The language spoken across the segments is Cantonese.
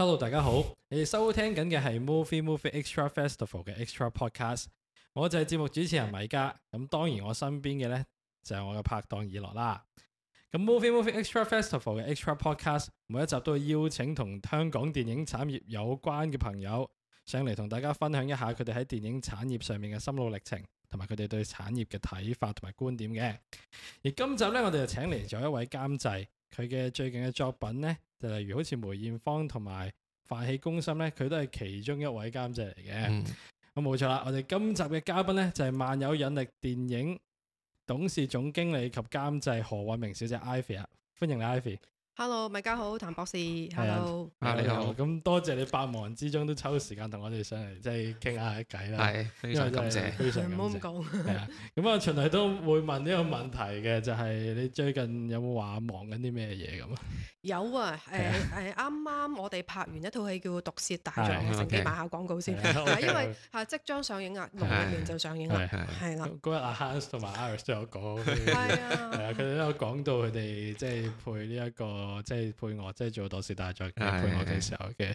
hello，大家好，你哋收聽緊嘅係 Movie Movie Extra Festival 嘅 Extra Podcast，我就係節目主持人米迦，咁當然我身邊嘅呢，就係、是、我嘅拍檔以諾啦。咁 Movie Movie Extra Festival 嘅 Extra Podcast 每一集都會邀請同香港電影產業有關嘅朋友上嚟同大家分享一下佢哋喺電影產業上面嘅心路歷程，同埋佢哋對產業嘅睇法同埋觀點嘅。而今集呢，我哋就請嚟咗一位監製。佢嘅最近嘅作品呢，就例如好似梅艷芳同埋《飯戲攻心》呢，佢都係其中一位監製嚟嘅。咁冇錯啦，我哋今集嘅嘉賓呢就係、是、萬誘引力電影董事總經理及監製何韻明小姐 Ivy 啊，歡迎你 Ivy。Hello，大家好，譚博士。Hello，啊你好，咁多謝你百忙之中都抽時間同我哋上嚟，即係傾下啲偈啦。係，非常感謝，非常感謝。唔好咁講。係啊，咁啊，循例都會問呢個問題嘅，就係你最近有冇話忙緊啲咩嘢咁啊？有啊，誒誒，啱啱我哋拍完一套戲叫《毒舌大狀》，趁機買下廣告先，因為係即將上映啊，農曆年就上映啦，係啦。嗰日阿 Hans 同埋 Alice 都有講，係啊，佢哋都有講到佢哋即係配呢一個。即係配樂，即係做到時大係再、哎、呀配樂嘅時候嘅。哎呀 okay.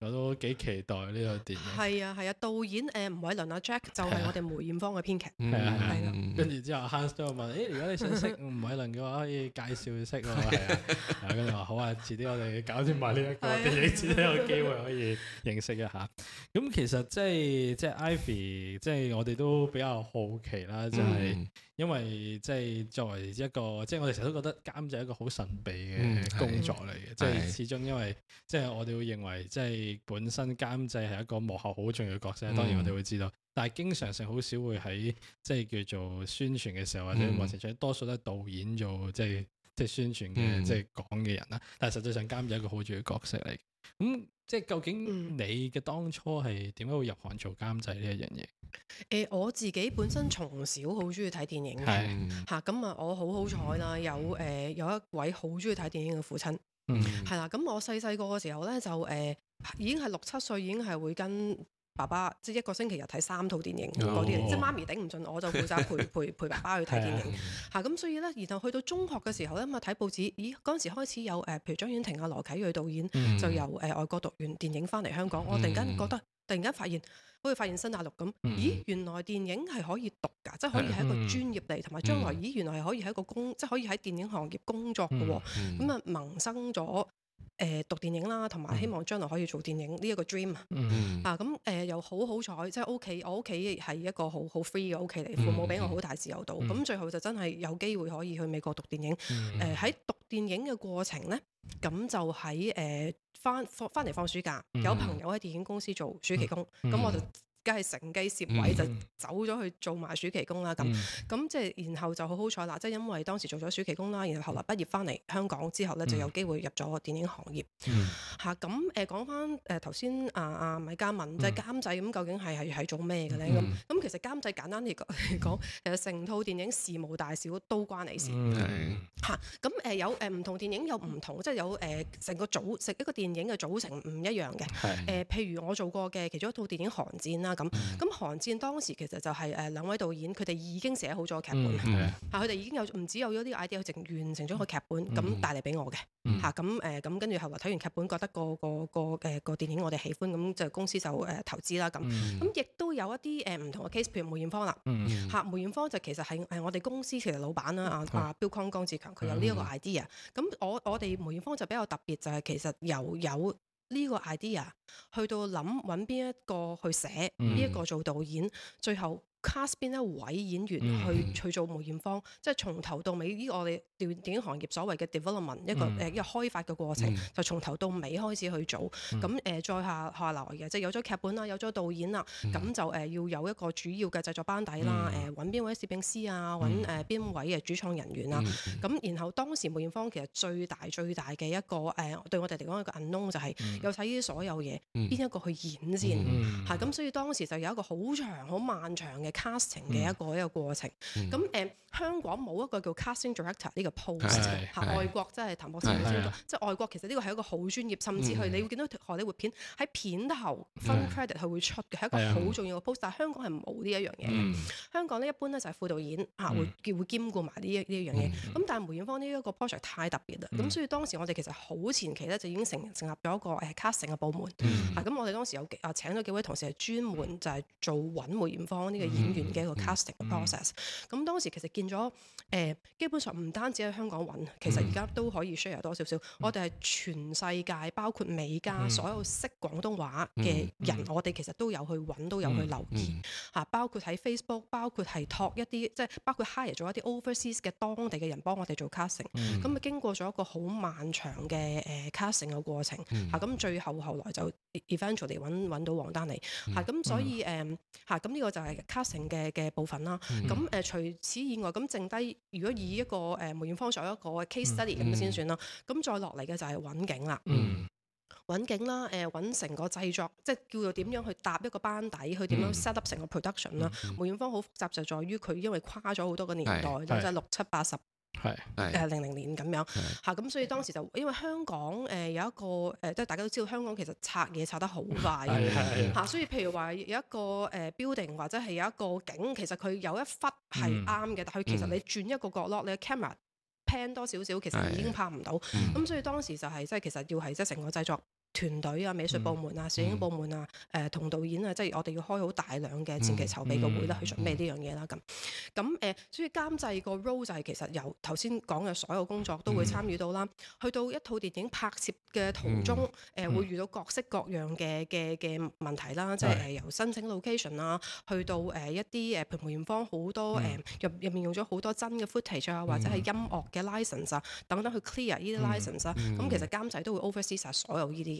我都幾期待呢個電影。係啊，係啊，導演誒，吳偉倫阿 Jack 就係我哋梅艷芳嘅編劇。係係。跟住之後，Hans 都有問如果你想識吳偉倫嘅話，可以介紹識喎。係啊。跟住話好啊，遲啲我哋搞掂埋呢一個電影，先有機會可以認識一下。咁其實即係即係 Ivy，即係我哋都比較好奇啦，就係因為即係作為一個，即係我哋成日都覺得監製係一個好神秘嘅工作嚟嘅，即係始終因為即係我哋會認為即係。係本身監製係一個幕後好重要嘅角色，嗯、當然我哋會知道，但係經常性好少會喺即係叫做宣傳嘅時候或者幕前多數都係導演做即係即係宣傳嘅即係講嘅人啦。但係實際上監製係一個好重要角色嚟。咁、嗯、即係究竟你嘅當初係點解會入行做監製呢一樣嘢？誒、欸，我自己本身從小好中意睇電影嘅，吓咁啊，我好好彩啦，有誒、呃、有一位好中意睇電影嘅父親，係、嗯、啦，咁我細細個嘅時候咧就誒。呃已經係六七歲，已經係會跟爸爸即係一個星期日睇三套電影嗰啲，哦、即係媽咪頂唔順，我就負責陪陪 陪爸爸去睇電影。吓咁、嗯， 嗯、所以咧，然後去到中學嘅時候咧，咁啊睇報紙，咦嗰陣時開始有誒，譬如張婉婷啊、羅啟銳導演就由誒外國讀完電影翻嚟香港，嗯、我突然間覺得，突然間發現好似發現新大陸咁，咦、嗯、原來電影係可以讀噶，嗯、即係可以喺一個專業嚟，同埋將來咦原來係可以喺一個工，即係可以喺電影行業工作嘅。咁啊萌生咗。誒、呃、讀電影啦，同埋希望將來可以做電影呢、這個嗯啊呃、一個 dream 啊！咁誒又好好彩，即係屋企我屋企係一個好好 free 嘅屋企嚟，父母俾我好大自由度。咁、嗯嗯、最後就真係有機會可以去美國讀電影。誒、呃、喺讀電影嘅過程呢，咁就喺誒返放返嚟放暑假，嗯、有朋友喺電影公司做暑期工，咁、嗯嗯、我就。梗係乘機攝位就走咗去做埋暑期工啦，咁咁即係然後就好好彩啦，即係因為當時做咗暑期工啦，然後後來畢業翻嚟香港之後咧，就有機會入咗電影行業。嚇咁誒講翻誒頭先啊啊米迦問即係監製，咁究竟係係係做咩嘅咧？咁咁其實監製簡單嚟講，誒成套電影事無大小都關你事。係咁誒有誒唔同電影有唔同，即係有誒成個組成一個電影嘅組成唔一樣嘅。誒譬如我做過嘅其中一套電影《寒戰》啦。咁咁寒戰當時其實就係誒兩位導演佢哋已經寫好咗劇本，嚇佢哋已經有唔止有咗啲 idea，淨完成咗個劇本，咁帶嚟俾我嘅嚇咁誒咁跟住後來睇完劇本覺得個個個誒個電影我哋喜歡，咁就公司就誒投資啦咁，咁亦都有一啲誒唔同嘅 case，譬如梅艷芳啦嚇梅艷芳就其實係誒我哋公司其實老闆啦啊 Bill Kong 江志強佢有呢一個 idea，咁我我哋梅艷芳就比較特別就係其實有有。呢個 idea 去到諗揾邊一個去寫，呢一個做導演，最後 cast 邊一位演員去去做梅艷芳，即係從頭到尾呢個我哋電電影行業所謂嘅 development 一個誒一個開發嘅過程，就從頭到尾開始去做。咁誒再下下來嘅，即係有咗劇本啦，有咗導演啦，咁就誒要有一個主要嘅製作班底啦。誒揾邊位攝影師啊，揾誒邊位嘅主創人員啊。咁然後當時梅艷芳其實最大最大嘅一個誒對我哋嚟講一個 unknown 就係要睇呢啲所有嘢，邊一個去演先？係咁，所以當時就有一個好長好漫長嘅。casting 嘅一個一個過程，咁誒香港冇一個叫 casting director 呢個 post 吓，外國真係譚博士講清楚，即係外國其實呢個係一個好專業，甚至佢你會見到荷里活片喺片頭分 credit 佢會出嘅係一個好重要嘅 post，但係香港係冇呢一樣嘢嘅。香港呢一般咧就係副導演嚇會會兼顧埋呢呢一樣嘢，咁但係梅艷芳呢一個 project 太特別啦，咁所以當時我哋其實好前期咧就已經成立成立咗一個誒 casting 嘅部門，咁我哋當時有啊請咗幾位同事係專門就係做揾梅艷芳呢個演員嘅一個 casting process，咁當時其實見咗誒，基本上唔單止喺香港揾，其實而家都可以 share 多少少。我哋係全世界，包括美加，所有識廣東話嘅人，我哋其實都有去揾，都有去留意吓，包括喺 Facebook，包括係 talk 一啲即係包括 hire 咗一啲 overseas 嘅當地嘅人幫我哋做 casting。咁啊經過咗一個好漫長嘅誒 casting 嘅過程吓，咁最後後來就 eventually 揾揾到王丹妮吓，咁所以誒吓，咁呢個就係。嘅嘅部分啦，咁誒除此以外，咁剩低如果以一個誒梅艷芳作為一個 case study 咁先、嗯嗯、算啦，咁再落嚟嘅就係揾景啦，揾景啦，誒揾成個製作，即係叫做點樣去搭一個班底，去點樣 set up 成個 production 啦、嗯。梅艷芳好複雜就在於佢因為跨咗好多個年代即係、嗯嗯嗯、六七八十。係，誒零零年咁樣嚇，咁所以當時就因為香港誒有一個誒，即係大家都知道香港其實拆嘢拆得好快嘅嚇，所以譬如話有一個誒 building 或者係有一個景，其實佢有一忽係啱嘅，但佢其實你轉一個角落，你 camera pan 多少少，其實已經拍唔到，咁所以當時就係即係其實要係即係成個製作。團隊啊、美術部門啊、攝影、嗯、部門啊、誒、呃、同導演啊，即係我哋要開好大量嘅前期籌備嘅會啦、嗯，嗯嗯、去準備呢樣嘢啦。咁咁誒，所以監製個 role 就係其實由頭先講嘅所有工作都會參與到啦。去到一套電影拍攝嘅途中，誒、嗯嗯呃、會遇到各式各樣嘅嘅嘅問題啦，即係、嗯呃、由申請 location 啊，去到誒、呃、一啲誒梅艷芳好多誒入入面用咗好多真嘅 footage 啊，或者係音樂嘅 license 啊等等去 clear 呢啲 license 啊。咁、嗯、其實監製都會 oversee 曬所有呢啲。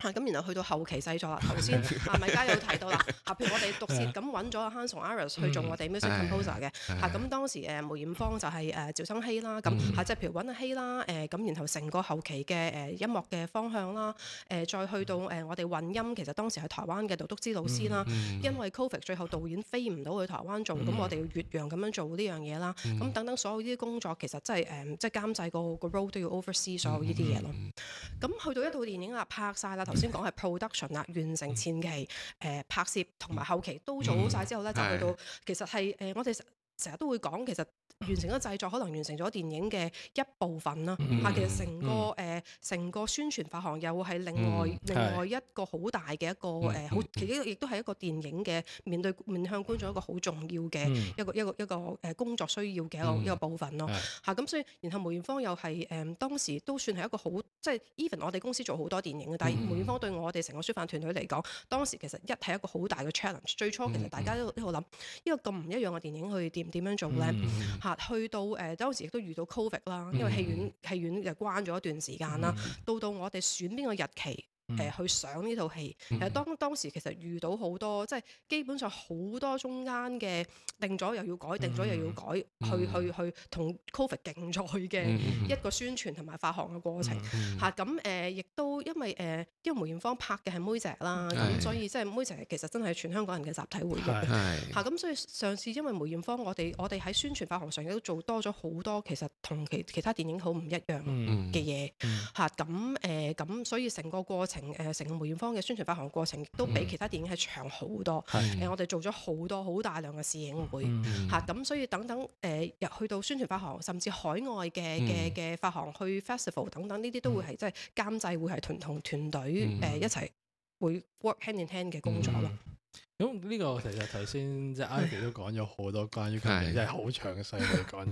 咁，然後去到後期製作啦。頭先啊，米迦有提到啦。嚇，譬如我哋獨竇咁揾咗 Hanson Iris 去做我哋 music composer 嘅。嚇，咁當時誒梅艷芳就係誒趙增熹啦。咁即係譬如揾阿熹啦。誒咁，然後成個後期嘅誒音樂嘅方向啦。誒，再去到誒我哋混音，其實當時喺台灣嘅杜篤之老師啦。因為 Covid，最後導演飛唔到去台灣做，咁我哋要越洋咁樣做呢樣嘢啦。咁等等所有呢啲工作，其實真係誒，即係監製個 role 都要 oversee 所有呢啲嘢咯。咁去到一套電影啊，拍晒啦。頭先講係 production 啦，完成前期誒、呃、拍攝同埋後期都做好曬之後咧，嗯、就去到是的 其實係誒、呃、我哋成日都會講其實。完成咗製作，可能完成咗電影嘅一部分啦。嚇，其實成個誒成個宣傳發行又係另外另外一個好大嘅一個誒，好其實亦都係一個電影嘅面對面向觀眾一個好重要嘅一個一個一個誒工作需要嘅一個一個部分咯。嚇，咁所以然後梅艷芳又係誒當時都算係一個好即係 even 我哋公司做好多電影嘅，但係梅艷芳對我哋成個宣發團隊嚟講，當時其實一係一個好大嘅 challenge。最初其實大家都都喺度諗呢個咁唔一樣嘅電影去點點樣做咧。吓去到誒、呃、當時亦都遇到 COVID 啦，因為戲院戲、嗯、院就關咗一段時間啦，到到我哋選邊個日期？誒、呃、去上呢套戲，誒當當時其實遇到好多，即係基本上好多中間嘅定咗又要改，定咗又要改，嗯、去去去同 Covid 競賽嘅，一個宣傳同埋發行嘅過程。吓咁誒亦都因為誒、呃、因為梅艷芳拍嘅係梅姐啦，咁的、啊、所以即係梅姐其實真係全香港人嘅集體回憶吓咁的、啊啊，所以上次因為梅艷芳，我哋我哋喺宣傳發行上亦都做多咗好多，其實同其其他電影好唔一樣嘅嘢。吓咁誒咁，所以成個過程。誒成個梅艷芳嘅宣傳發行過程，都比其他電影係長好多。誒，我哋做咗好多好大量嘅試映會，嚇咁，所以等等誒入去到宣傳發行，甚至海外嘅嘅嘅發行，去 Festival 等等呢啲，都會係即係監製會係團同團隊誒一齊會 work hand in hand 嘅工作咯。咁呢個其實頭先即係 Ivy 都講咗好多關於，真係好詳細嚟講。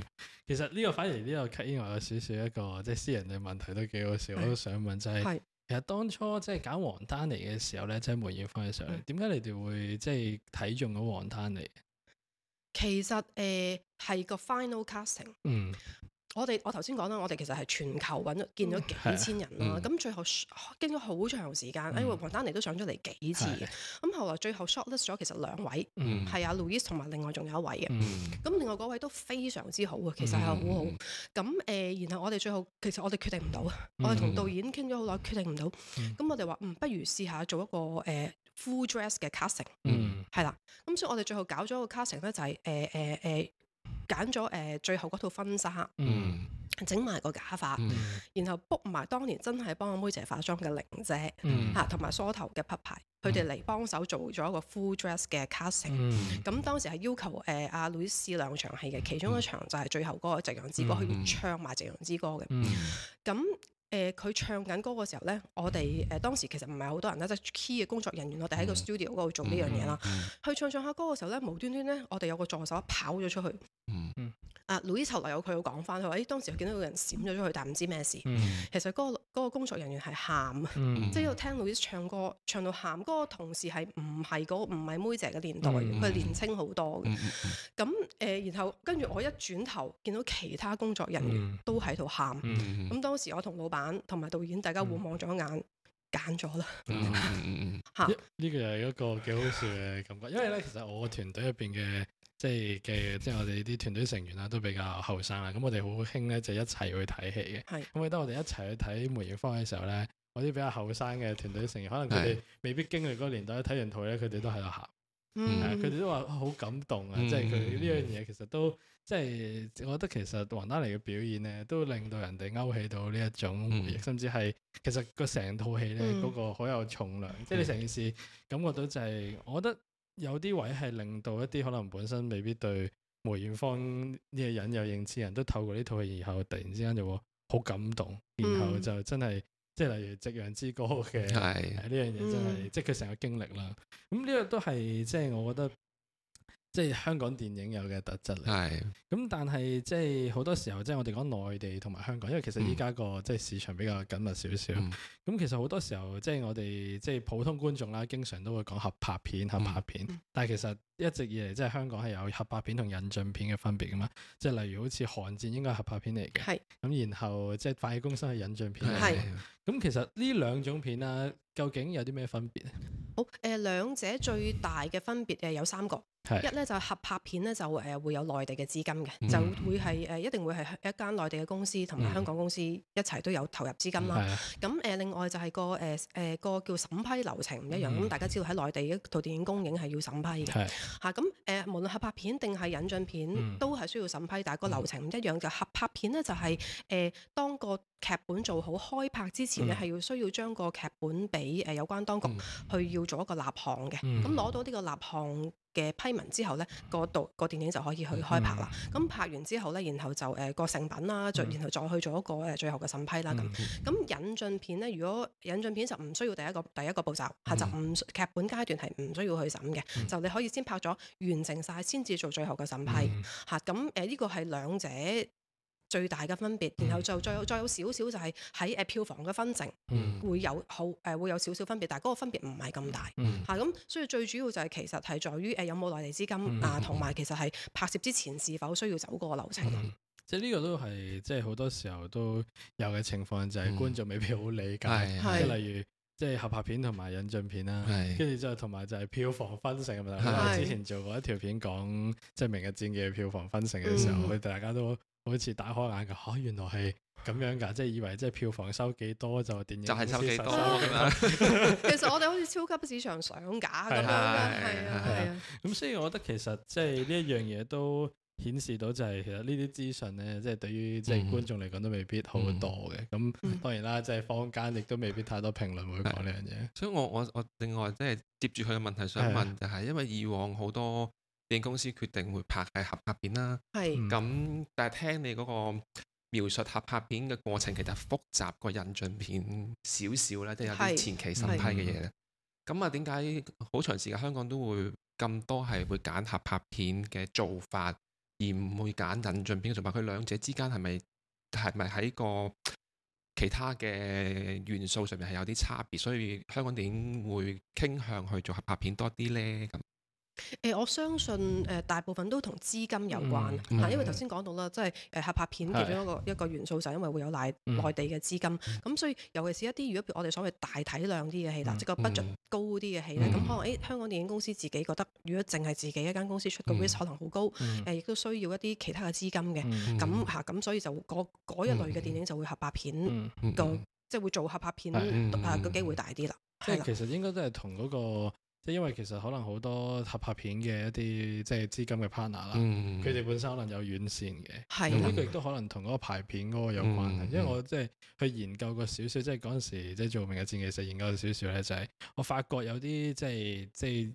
其實呢個反而呢個 cut in 有少少一個即係私人嘅問題，都幾好笑。我都想問，就係。其實當初即係揀王丹妮嘅時候咧，即係梅艷芳嘅時候，點解你哋會即係睇中咗王丹妮？其實誒係個 final casting。嗯。我哋我頭先講啦，我哋其實係全球揾咗見咗幾千人啦，咁最後經咗好長時間，誒王丹妮都上咗嚟幾次，咁後來最後 short list 咗其實兩位，係啊 Louis 同埋另外仲有一位嘅，咁另外嗰位都非常之好嘅，其實係好好。咁誒，然後我哋最後其實我哋決定唔到，我哋同導演傾咗好耐，決定唔到。咁我哋話，嗯，不如試下做一個誒 full dress 嘅 casting，係啦。咁所以我哋最後搞咗個 casting 咧，就係誒誒誒。揀咗誒最後嗰套婚紗，整埋、嗯、個假髮，嗯、然後 book 埋當年真係幫阿妹姐化妝嘅玲姐嚇，同埋梳頭嘅匹牌。佢哋嚟幫手做咗一個 full dress 嘅 casting，嗯。咁、嗯嗯、當時係要求誒阿女 u c y 兩場戲嘅，其中一場就係最後嗰個《夕陽之歌》嗯，佢、嗯嗯、要唱埋《夕陽之歌》嘅、嗯。咁、嗯嗯誒佢、呃、唱緊歌嘅時候咧，我哋誒、呃、當時其實唔係好多人啦，即、就、係、是、key 嘅工作人員，我哋喺個 studio 嗰度做呢樣嘢啦。佢、嗯嗯嗯、唱唱下歌嘅時候咧，無端端咧，我哋有個助手跑咗出去。嗯嗯。嗯啊，老姨頭嚟，有佢有講翻，佢話：咦，當時佢見到個人閃咗出去，但唔知咩事。其實嗰個工作人員係喊，即係喺度聽老姨唱歌，唱到喊。嗰個同事係唔係唔係妹姐嘅年代，佢年青好多。咁誒，然後跟住我一轉頭，見到其他工作人員都喺度喊。咁當時我同老闆同埋導演大家互望咗眼，揀咗啦。嚇！呢個係一個幾好笑嘅感覺，因為咧，其實我團隊入邊嘅。即係嘅，即係我哋啲團隊成員啦，都比較後生啦。咁我哋好興咧，就是、一齊去睇戲嘅。係是。咁我記得我哋一齊去睇《梅艷芳》嘅時候咧，我啲比較後生嘅團隊成員，可能佢哋未必經歷嗰個年代，睇完套咧，佢哋都喺度喊。嗯。佢哋都話好感動啊！嗯、即係佢呢樣嘢，其實都即係我覺得其實王丹妮嘅表演咧，都令到人哋勾起到呢一種回憶，嗯、甚至係其實戲呢、嗯、個成套戲咧，嗰個好有重量。嗯、即係你成件事感覺到就係、是，我覺得。有啲位係令到一啲可能本身未必對梅艷芳呢個人有認知人都透過呢套戲，然後突然之間就會好感動，然後就真係，嗯、即係例如《夕陽之歌》嘅呢樣嘢，是真係、嗯、即係佢成個經歷啦。咁、嗯、呢、呢個都係即係，我覺得。即係香港電影有嘅特質嚟，係咁的，但係即係好多時候，即係我哋講內地同埋香港，因為其實依家個即係市場比較緊密少少，咁、嗯、其實好多時候，即係我哋即係普通觀眾啦，經常都會講合拍片、合拍片，嗯、但係其實一直以嚟，即係香港係有合拍片同引進片嘅分別㗎嘛，即係例如好似《寒戰》應該係合拍片嚟嘅，係咁的，然後即係《快公司》係引進片嚟嘅。的咁其實呢兩種片啊，究竟有啲咩分別咧？好，誒、呃、兩者最大嘅分別誒、呃、有三個，是一咧就係合拍片咧就誒、呃、會有內地嘅資金嘅，嗯、就會係誒、呃、一定會係一間內地嘅公司同埋香港公司一齊都有投入資金啦。咁誒、嗯呃、另外就係個誒誒、呃、個叫審批流程唔一樣，咁、嗯、大家知道喺內地一套電影公映係要審批嘅吓。咁誒無論合拍片定係引進片都係需要審批，但係個流程唔一樣，就、嗯嗯、合拍片咧就係、是、誒、呃、當個劇本做好開拍之前。咧係要需要將個劇本俾誒、呃、有關當局去要做一個立項嘅，咁攞、嗯、到呢個立項嘅批文之後咧，個導個電影就可以去開拍啦。咁、嗯、拍完之後咧，然後就誒個、呃、成品啦，再然後再去做一個誒、呃、最後嘅審批啦咁。咁、嗯、引進片咧，如果引進片就唔需要第一個第一個步驟，嚇、嗯、就唔劇本階段係唔需要去審嘅，嗯、就你可以先拍咗完成晒先至做最後嘅審批嚇。咁誒呢個係兩者最大嘅分別，然後就再有再有少少就係喺誒票房嘅分成會有好誒會有少少分別，但係嗰個分別唔係咁大嚇。咁所以最主要就係其實係在於誒有冇內地資金啊，同埋其實係拍攝之前是否需要走個流程。即係呢個都係即係好多時候都有嘅情況，就係觀眾未必好理解。即係例如即係合拍片同埋引進片啦，跟住之後就同埋就係票房分成嘅之前做過一條片講即係明日戰記嘅票房分成嘅時候，我大家都。好似打開眼噶，吓、啊，原來係咁樣噶，即係以為即係票房收幾多就電影收收就係收幾多， 其實我哋好似超級市場上架咁樣啦，係啊係啊。咁所以我覺得其實即係呢一樣嘢都顯示到就係其實資訊呢啲資訊咧，即、就、係、係、對於即係觀眾嚟講都未必好多嘅。咁、嗯嗯、當然啦，即係坊間亦都未必太多評論會講呢樣嘢。嗯、所以我我我另外即係接住佢嘅問題想問就係，因為以往好多。電影公司決定會拍係合拍片啦，係咁是，但係聽你嗰個描述合拍片嘅過程，其實複雜過引進片少少咧，都有啲前期審批嘅嘢咧。咁啊，點解好長時間香港都會咁多係會揀合拍片嘅做法，而唔會揀引進片？同埋佢兩者之間係咪係咪喺個其他嘅元素上面係有啲差別？所以香港電影會傾向去做合拍片多啲咧咁。誒，我相信誒，大部分都同資金有關吓，因為頭先講到啦，即係誒，合拍片其中一個一個元素就係因為會有內內地嘅資金，咁所以尤其是一啲如果我哋所謂大體量啲嘅戲啦，即個 budget 高啲嘅戲咧，咁可能誒，香港電影公司自己覺得如果淨係自己一間公司出嘅 risk 可能好高，誒，亦都需要一啲其他嘅資金嘅，咁吓，咁所以就嗰一類嘅電影就會合拍片個即係會做合拍片個機會大啲啦。係其實應該都係同嗰個。因為其實可能好多合拍片嘅一啲即係資金嘅 partner 啦、嗯，佢哋本身可能有院線嘅，咁呢個亦都可能同嗰個排片嗰個有關係。嗯、因為我即係、嗯、去研究過少少，即係嗰陣時即係做《明日戰記》時研究過少少咧，就係、是、我發覺有啲即係即係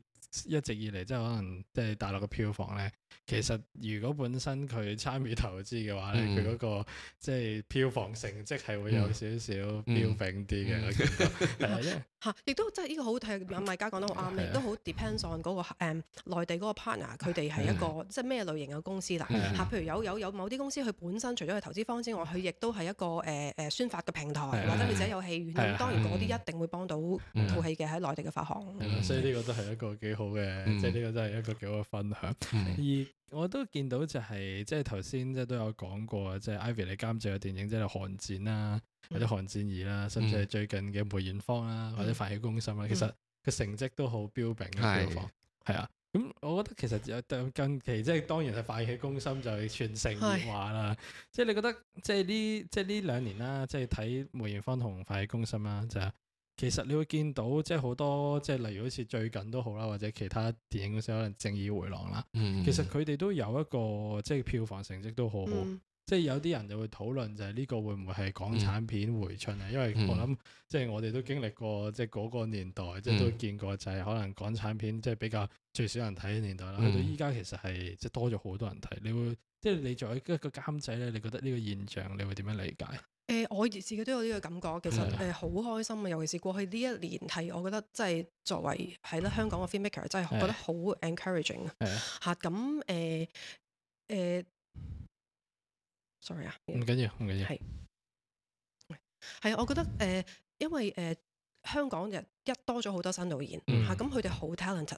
一直以嚟即係可能即係、就是、大陸嘅票房咧。其實如果本身佢參與投資嘅話咧，佢嗰個即係票房成績係會有少少標炳啲嘅吓，亦都即係呢個好睇。阿米迦講得好啱，亦都好 depends on 嗰個誒內地嗰個 partner，佢哋係一個即係咩類型嘅公司啦吓。譬如有有有某啲公司，佢本身除咗係投資方之外，佢亦都係一個誒誒宣發嘅平台，或者佢自己有戲院，當然嗰啲一定會幫到套戲嘅喺內地嘅發行。所以呢個都係一個幾好嘅，即係呢個真係一個幾好嘅分享。我都見到就係、是、即係頭先即係都有講過啊，即係 Ivy 你監製嘅電影，即係《寒戰》啦、嗯，或者《寒戰二》啦，甚至係最近嘅、啊《梅艷芳》啦，或者快、啊《飯戲攻心》啦，其實個成績都好彪炳嘅票房係啊。咁是、啊、我覺得其實近期即係當然係《飯戲攻心》就全城熱話啦。即係你覺得即係呢即係呢兩年啦，即係睇、啊、梅艷芳同、啊《飯戲攻心》啦就。其實你會見到即係好多即係例如好似最近都好啦，或者其他電影公司可能《正義回廊》啦、嗯，其實佢哋都有一個即係票房成績都好好。嗯、即係有啲人就會討論就係呢個會唔會係港產片回春啊？嗯、因為、嗯、我諗即係我哋都經歷過即係嗰個年代，即係、嗯、都見過就係可能港產片即係比較最少人睇嘅年代啦。去、嗯、到依家其實係即係多咗好多人睇。你會即係你作為一個監製咧，你覺得呢個現象你會點樣理解？誒、呃，我而自己都有呢個感覺，其實誒好、呃、開心啊，尤其是過去呢一年係，我覺得即係作為係啦香港嘅 filmmaker，真係的覺得好 encouraging 的啊。呃呃、Sorry, 係啊，吓咁誒誒，sorry 啊，唔緊要，唔緊要，係係啊，我覺得誒、呃，因為誒、呃、香港人。一多咗好多新導演嚇，咁佢哋好 talented，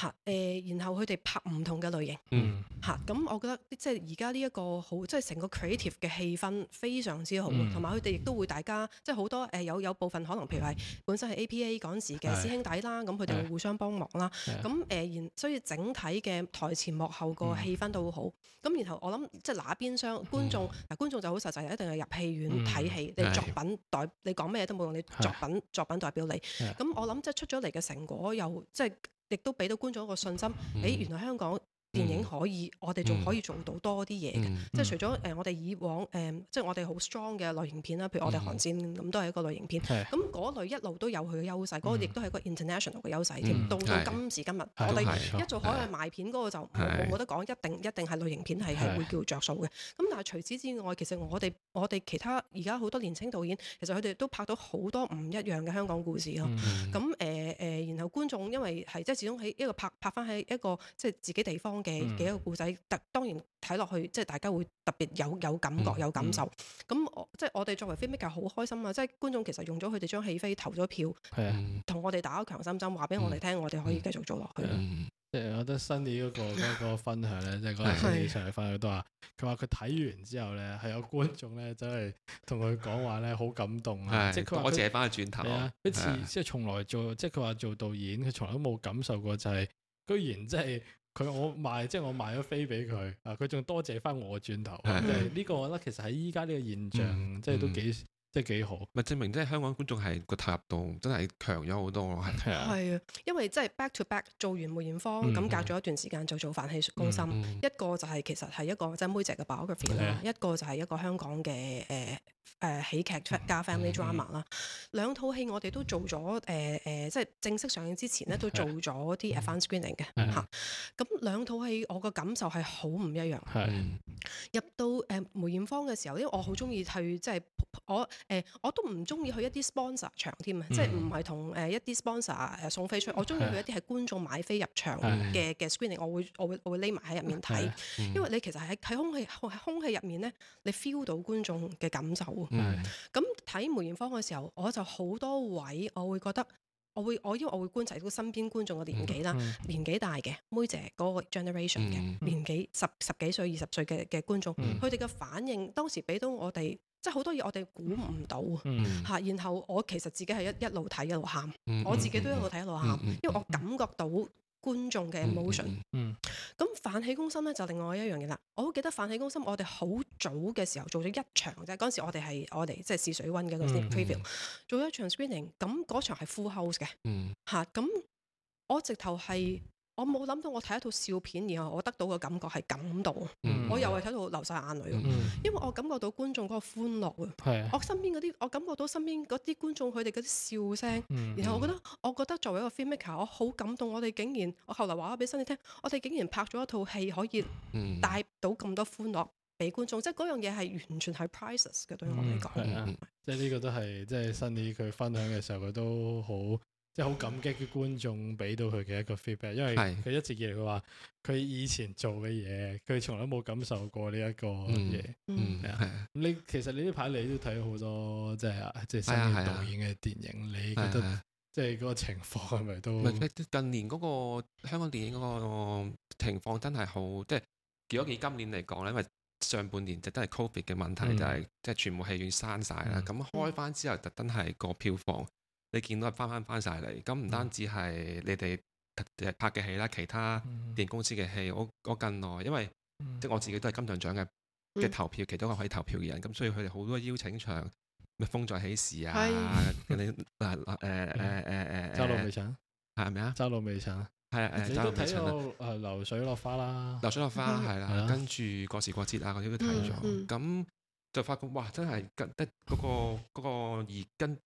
嚇，誒，然後佢哋拍唔同嘅類型，嚇，咁我覺得即係而家呢一個好，即係成個 creative 嘅氣氛非常之好，同埋佢哋亦都會大家即係好多誒有有部分可能，譬如係本身係 APA 嗰陣時嘅師兄弟啦，咁佢哋會互相幫忙啦，咁誒然，所以整體嘅台前幕後個氣氛都好好。咁然後我諗即係那邊商觀眾，嗱觀眾就好實際，一定係入戲院睇戲，你作品代你講咩都冇用，你作品作品代表你。咁我諗即係出咗嚟嘅成果又、又即係亦都俾到觀眾一個信心。誒、嗯，原來香港～電影可以，我哋仲可以做到多啲嘢嘅，即係除咗誒，我哋以往誒，即係我哋好 strong 嘅類型片啦，譬如我哋寒戰咁，都係一個類型片，咁嗰類一路都有佢嘅優勢，嗰個亦都係一個 international 嘅優勢添。到到今時今日，我哋一做海外賣片嗰個就冇冇得講，一定一定係類型片係係會叫着數嘅。咁但係除此之外，其實我哋我哋其他而家好多年青導演，其實佢哋都拍到好多唔一樣嘅香港故事咯。咁誒誒，然後觀眾因為係即係始終喺一個拍拍翻喺一個即係自己地方。嘅幾個故仔，特當然睇落去，即係大家會特別有有感覺、有感受。咁我即係我哋作為 filmmaker 好開心啊！即係觀眾其實用咗佢哋張戲飛投咗票，係啊，同我哋打咗強心針，話俾我哋聽，我哋可以繼續做落去。即係我覺得新年嗰個個分享咧，即係嗰個現場嘅分享都話，佢話佢睇完之後咧，係有觀眾咧真係同佢講話咧好感動啊！即係我借翻個轉頭，一次即係從來做，即係佢話做導演，佢從來都冇感受過，就係居然真係。佢我賣即係、就是、我賣咗飛俾佢，啊佢仲多謝翻我轉頭，呢的、這個我覺得其實喺依家呢個現象、嗯、即係都幾、嗯、即係幾好，咪證明即係香港觀眾係個投入度真係強咗好多咯，係啊，係啊的的，因為即係 back to back 做完梅艷芳，咁、嗯嗯、隔咗一段時間就做飯戲攻心，一個就係其實係一個即係梅姐嘅 biography 啦，一個就係一個香港嘅誒。呃誒喜劇加 family drama 啦，兩套戲我哋都做咗誒誒，即係正式上映之前咧都做咗啲 advance screening 嘅嚇。咁兩套戲我個感受係好唔一樣。係入到誒梅艷芳嘅時候，因為我好中意去即係我誒，我都唔中意去一啲 sponsor 場添啊，即係唔係同誒一啲 sponsor 誒送飛出去。我中意去一啲係觀眾買飛入場嘅嘅 screening，我會我會我會匿埋喺入面睇，因為你其實喺喺空氣喺空氣入面咧，你 feel 到觀眾嘅感受。嗯，咁睇、mm hmm. 梅艷芳嘅時候，我就好多位，我會覺得，我會，我因為我會觀察到身邊觀眾嘅年紀啦，mm hmm. 年紀大嘅妹姐嗰個 generation 嘅、mm hmm. 年紀十十幾歲、二十歲嘅嘅觀眾，佢哋嘅反應，當時俾到我哋，即係好多嘢，我哋估唔到，吓、mm hmm. 啊，然後我其實自己係一一路睇一路喊，mm hmm. 我自己都一路睇一路喊，mm hmm. 因為我感覺到。觀眾嘅 emotion，咁、嗯嗯、飯戲攻心咧就另外一樣嘢啦。我好記得飯戲攻心，我哋好早嘅時候做咗一場啫。嗰、嗯嗯、時我哋係我哋即係試水溫嘅嗰啲 preview，做咗一場 screening，咁嗰場係 full house 嘅，嚇、嗯。咁、啊、我直頭係。我冇諗到，我睇一套笑片，然後我得到嘅感覺係感動，嗯、我又係睇到流晒眼淚。嗯、因為我感覺到觀眾嗰個歡樂啊，我身邊嗰啲，我感覺到身邊嗰啲觀眾佢哋嗰啲笑聲，嗯、然後我覺得，我覺得作為一個 filmmaker，我好感動。我哋竟然，我後嚟話我俾 Sunny 聽，我哋竟然拍咗一套戲可以帶到咁多歡樂俾觀眾，即係嗰樣嘢係完全係 precious 嘅，對於我嚟講。即係呢個都係，即係 Sunny 佢分享嘅時候，佢都好。即係好感激啲觀眾俾到佢嘅一個 feedback，因為佢一直以嚟佢話佢以前做嘅嘢，佢從來冇感受過呢一個嘢、嗯。嗯，係啊，咁你其實你呢排你都睇咗好多，即係啊，即係新嘅導演嘅電影，的你覺得的的即係嗰個情況係咪都？近年嗰個香港電影嗰個情況真係好，即係如果以今年嚟講咧，因為上半年就都係 COVID 嘅問題，嗯、就係即係全部戲院閂晒啦。咁、嗯嗯、開翻之後，特登係個票房。你見到翻翻翻曬嚟，咁唔單止係你哋拍嘅戲啦，其他電影公司嘅戲，我我近來，因為即係我自己都係金像獎嘅嘅投票，其他可以投票嘅人，咁所以佢哋好多邀請場，咩風再起時啊，嗰啲嗱誒誒誒誒，窄路微塵係咪啊？窄路微塵係啊！你都睇到誒流水落花啦，流水落花係啦，跟住過時過節啊嗰啲都睇咗，咁就發覺哇，真係跟得嗰個嗰個二跟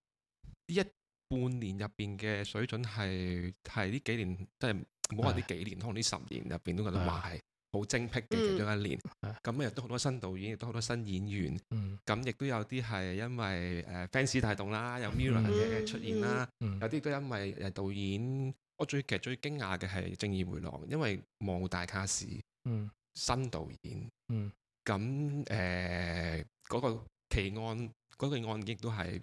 一。半年入邊嘅水準係係呢幾年，即係唔好話呢幾年，可能呢十年入邊都覺得話係好精辟嘅其中一年。咁亦都好多新導演，亦都好多新演員。咁亦都有啲係因為誒 fans 帶動啦，有 Mirror 嘅出現啦。有啲都因為誒導演。我最其實最驚訝嘅係正義回廊，因為望大卡士，新導演。咁誒嗰個奇案嗰個案件亦都係。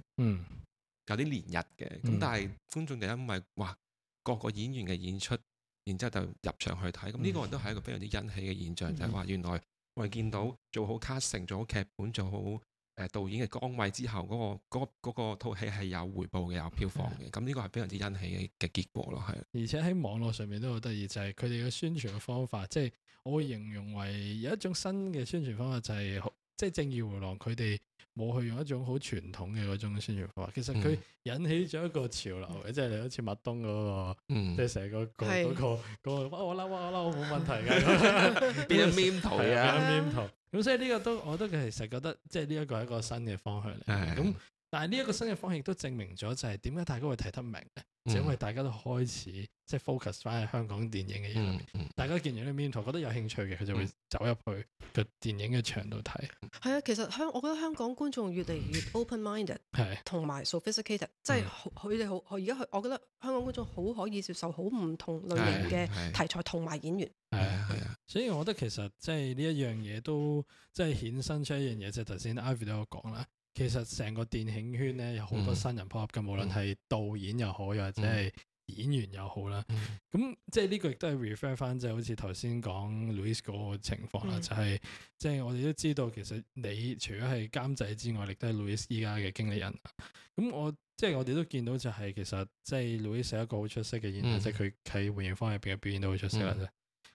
有啲連日嘅，咁但係觀眾就因、是、為哇，各個演員嘅演出，然之後就入場去睇，咁、這、呢個都係一個非常之欣喜嘅現象，嗯、就係話原來我哋見到做好 casting，做好劇本，做好誒、呃、導演嘅崗位之後，嗰、那個套戲係有回報嘅，有票房嘅，咁呢、嗯、個係非常之欣喜嘅嘅結果咯，係。而且喺網絡上面都好得意，就係佢哋嘅宣傳嘅方法，即、就、係、是、我會形容為有一種新嘅宣傳方法，就係、是。即係正義回廊，佢哋冇去用一種好傳統嘅嗰種宣傳方法，其實佢引起咗一個潮流。嗯、即係你好似麥冬嗰、那個，嗯、即係成個那個嗰個，哇我嬲，哇我嬲冇問題嘅，變咗 MIM 啊，MIM 頭，咁 所以呢個都我都其實覺得，即係呢一個係一個新嘅方向嚟，咁的。但係呢一個新嘅方向亦都證明咗，就係點解大家會睇得明咧？就是、因為大家都開始即係 focus 翻喺香港電影嘅一層面，嗯嗯、大家見完呢面台覺得有興趣嘅，佢就會走入去個電影嘅場度睇。係啊，其實香，我覺得香港觀眾越嚟越 open minded，係 的同埋 sophisticated，即係佢哋好而家，就是、我覺得香港觀眾好可以接受好唔同類型嘅題材同埋演員。係啊係啊，所以我覺得其實即係呢一樣嘢都即係衍生出一樣嘢，即係頭先 Ivy 都有講啦。其實成個電影圈咧，有好多新人 pop 嘅，嗯、無論係導演又好，又或者係演員又好啦。咁即係呢個亦都係 refer 翻，即係、就是、好似頭先講 Louis 嗰個情況啦、嗯就是。就係即係我哋都知道，其實你除咗係監製之外，亦都係 Louis 依家嘅經理人。咁、嗯、我即係我哋都見到、就是，就係其實即係 Louis 係一個好出色嘅演員，即係佢喺回應方入邊嘅表現都好出色嘅。嗯嗯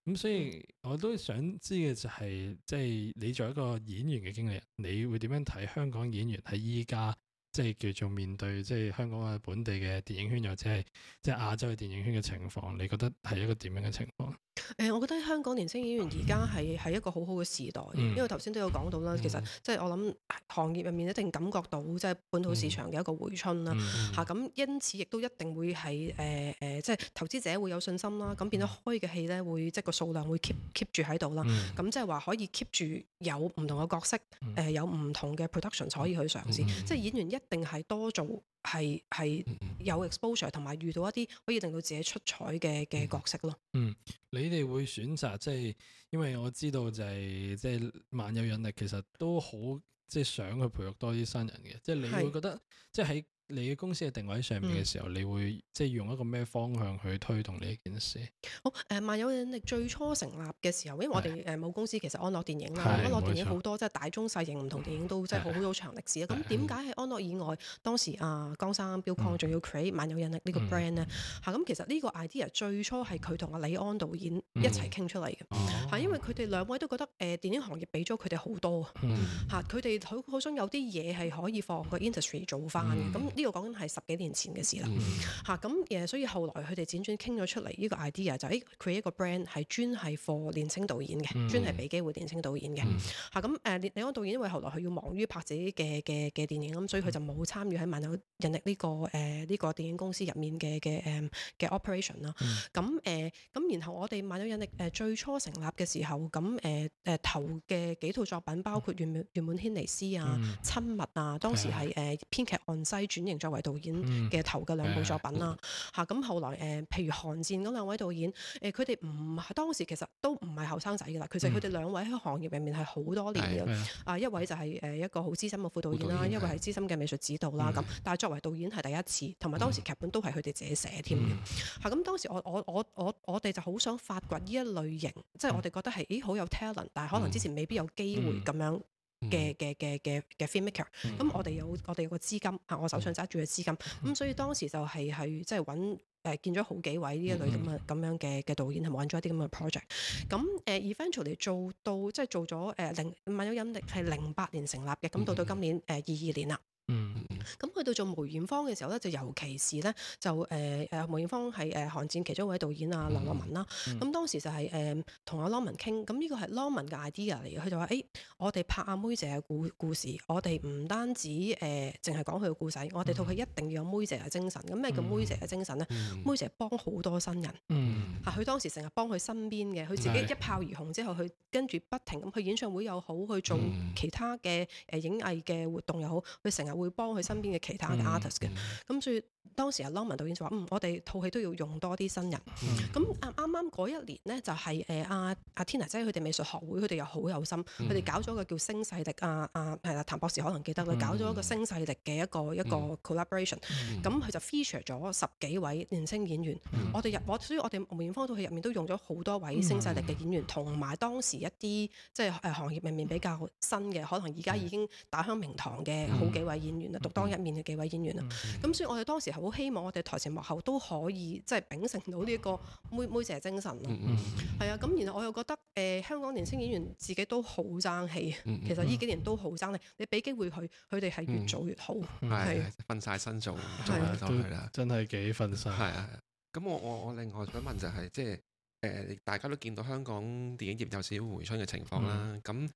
咁、嗯、所以我都想知嘅就係即係你作為一個演員嘅經歷，你會點樣睇香港演員喺依家即係叫做面對即係香港嘅本地嘅電影圈，又或者係即係亞洲嘅電影圈嘅情況？你覺得係一個點樣嘅情況？誒，我覺得香港年輕演員而家係係一個好好嘅時代，因為頭先都有講到啦。其實即係我諗行業入面一定感覺到即係本土市場嘅一個回春啦。嚇咁，因此亦都一定會係誒誒，即係投資者會有信心啦。咁變咗開嘅戲咧，會即係個數量會 keep keep 住喺度啦。咁即係話可以 keep 住有唔同嘅角色，誒有唔同嘅 production 可以去嘗試。即係演員一定係多做。係係有 exposure，同埋遇到一啲可以令到自己出彩嘅嘅角色咯。嗯，嗯，你哋會選擇即係，因為我知道就係、是、即係萬誘引力，其實都好即係想去培育多啲新人嘅。即係是你會覺得即係喺。你嘅公司嘅定位喺上面嘅時候，你會即係用一個咩方向去推動呢一件事？好，誒萬有引力最初成立嘅時候，因為我哋誒母公司其實安樂電影啦，安樂電影好多即係大中細型唔同電影都即係好好長歷史啦。咁點解喺安樂以外，當時阿江生、Bill Kong 仲要 create 萬有引力呢個 brand 咧？嚇，咁其實呢個 idea 最初係佢同阿李安導演一齊傾出嚟嘅嚇，因為佢哋兩位都覺得誒電影行業俾咗佢哋好多嚇，佢哋好好想有啲嘢係可以放個 industry 做翻咁。呢個講緊係十幾年前嘅事啦，嚇咁誒，所以後來佢哋輾轉傾咗出嚟呢個 idea 就誒 create 一個 brand 係專係 for 年青導演嘅，專係俾機會年青導演嘅嚇咁誒。李安導演因為後來佢要忙於拍自己嘅嘅嘅電影咁，所以佢就冇參與喺萬誘引力呢個誒呢個電影公司入面嘅嘅嘅 operation 啦。咁誒咁然後我哋萬誘引力誒最初成立嘅時候咁誒誒頭嘅幾套作品包括《月滿軒尼詩》啊，《親密》啊，當時係誒、啊、編劇岸西轉。作為導演嘅頭嘅兩部作品啦，吓咁、嗯啊、後來誒、呃，譬如寒戰嗰兩位導演，誒佢哋唔係當時其實都唔係後生仔嘅啦，嗯、其實佢哋兩位喺行業入面係好多年嘅，啊一位就係誒一個好資深嘅副導演啦，演一位係資深嘅美術指導啦，咁、嗯啊、但係作為導演係第一次，同埋當時劇本都係佢哋自己寫添嘅，吓咁、嗯嗯啊、當時我我我我我哋就好想發掘呢一類型，即係、嗯、我哋覺得係咦好有 talent，但係可能之前未必有機會咁樣。嗯嗯嘅嘅嘅嘅嘅 filmmaker，咁我哋有我哋有個資金，吓，我手上揸住嘅資金，咁、mm hmm. 所以當時就係去即係搵誒見咗好幾位呢一類咁嘅咁樣嘅嘅導演係搵咗一啲咁嘅 project，咁誒 eventual 做到即係、就是、做咗誒零萬誘引力係零八年成立嘅，咁到到今年誒二二年啦。Mm hmm. 咁去、嗯、到做梅艷芳嘅時候咧，就尤其是咧，就誒誒，梅艷芳係誒寒戰其中一位導演啊，梁立文啦。咁、嗯嗯、當時就係誒同阿 Longman 傾，咁呢個係 Longman 嘅 idea 嚟嘅。佢就話：誒、欸，我哋拍阿妹姐嘅故故事，我哋唔單止誒淨係講佢嘅故事，嗯、我哋同佢一定要有妹姐嘅精神。咁咩叫妹姐嘅精神咧？嗯嗯、妹姐幫好多新人，吓、嗯，佢、啊、當時成日幫佢身邊嘅，佢自己一炮而紅之後，佢跟住不停咁去演唱會又好，去做其他嘅誒影藝嘅活動又好，佢成日。會幫佢身邊嘅其他嘅 artist 嘅，咁、嗯、所以。當時阿 Longman 導演就話：嗯，我哋套戲都要用多啲新人。咁啊、嗯，啱啱嗰一年呢，就係誒阿阿 Tina 姐佢哋美術學會，佢哋又好有心，佢哋搞咗個叫星勢力啊啊，係、啊、啦，譚博士可能記得佢搞咗一個星勢力嘅一個一個 collaboration、嗯。咁、嗯、佢、嗯、就 feature 咗十幾位年輕演員。嗯、我哋入我，所以我哋梅艷芳套戲入面都用咗好多位星勢力嘅演員，同埋當時一啲即係行業入面比較新嘅，可能而家已經打響名堂嘅好幾位演員啦，獨當一面嘅幾位演員啦。咁所以我哋當時。嗯嗯呃好希望我哋台前幕後都可以即係秉承到呢一個妹妹姐精神咯，係、嗯嗯、啊，咁然後我又覺得誒、呃、香港年輕演員自己都好爭氣，嗯嗯、其實呢幾年都好爭氣，你俾機會佢，佢哋係越做越好，係瞓晒身做，做啦、啊、真係幾瞓身，係啊，咁我我我另外想問就係、是、即係誒、呃、大家都見到香港電影業有少少回春嘅情況啦，咁、嗯。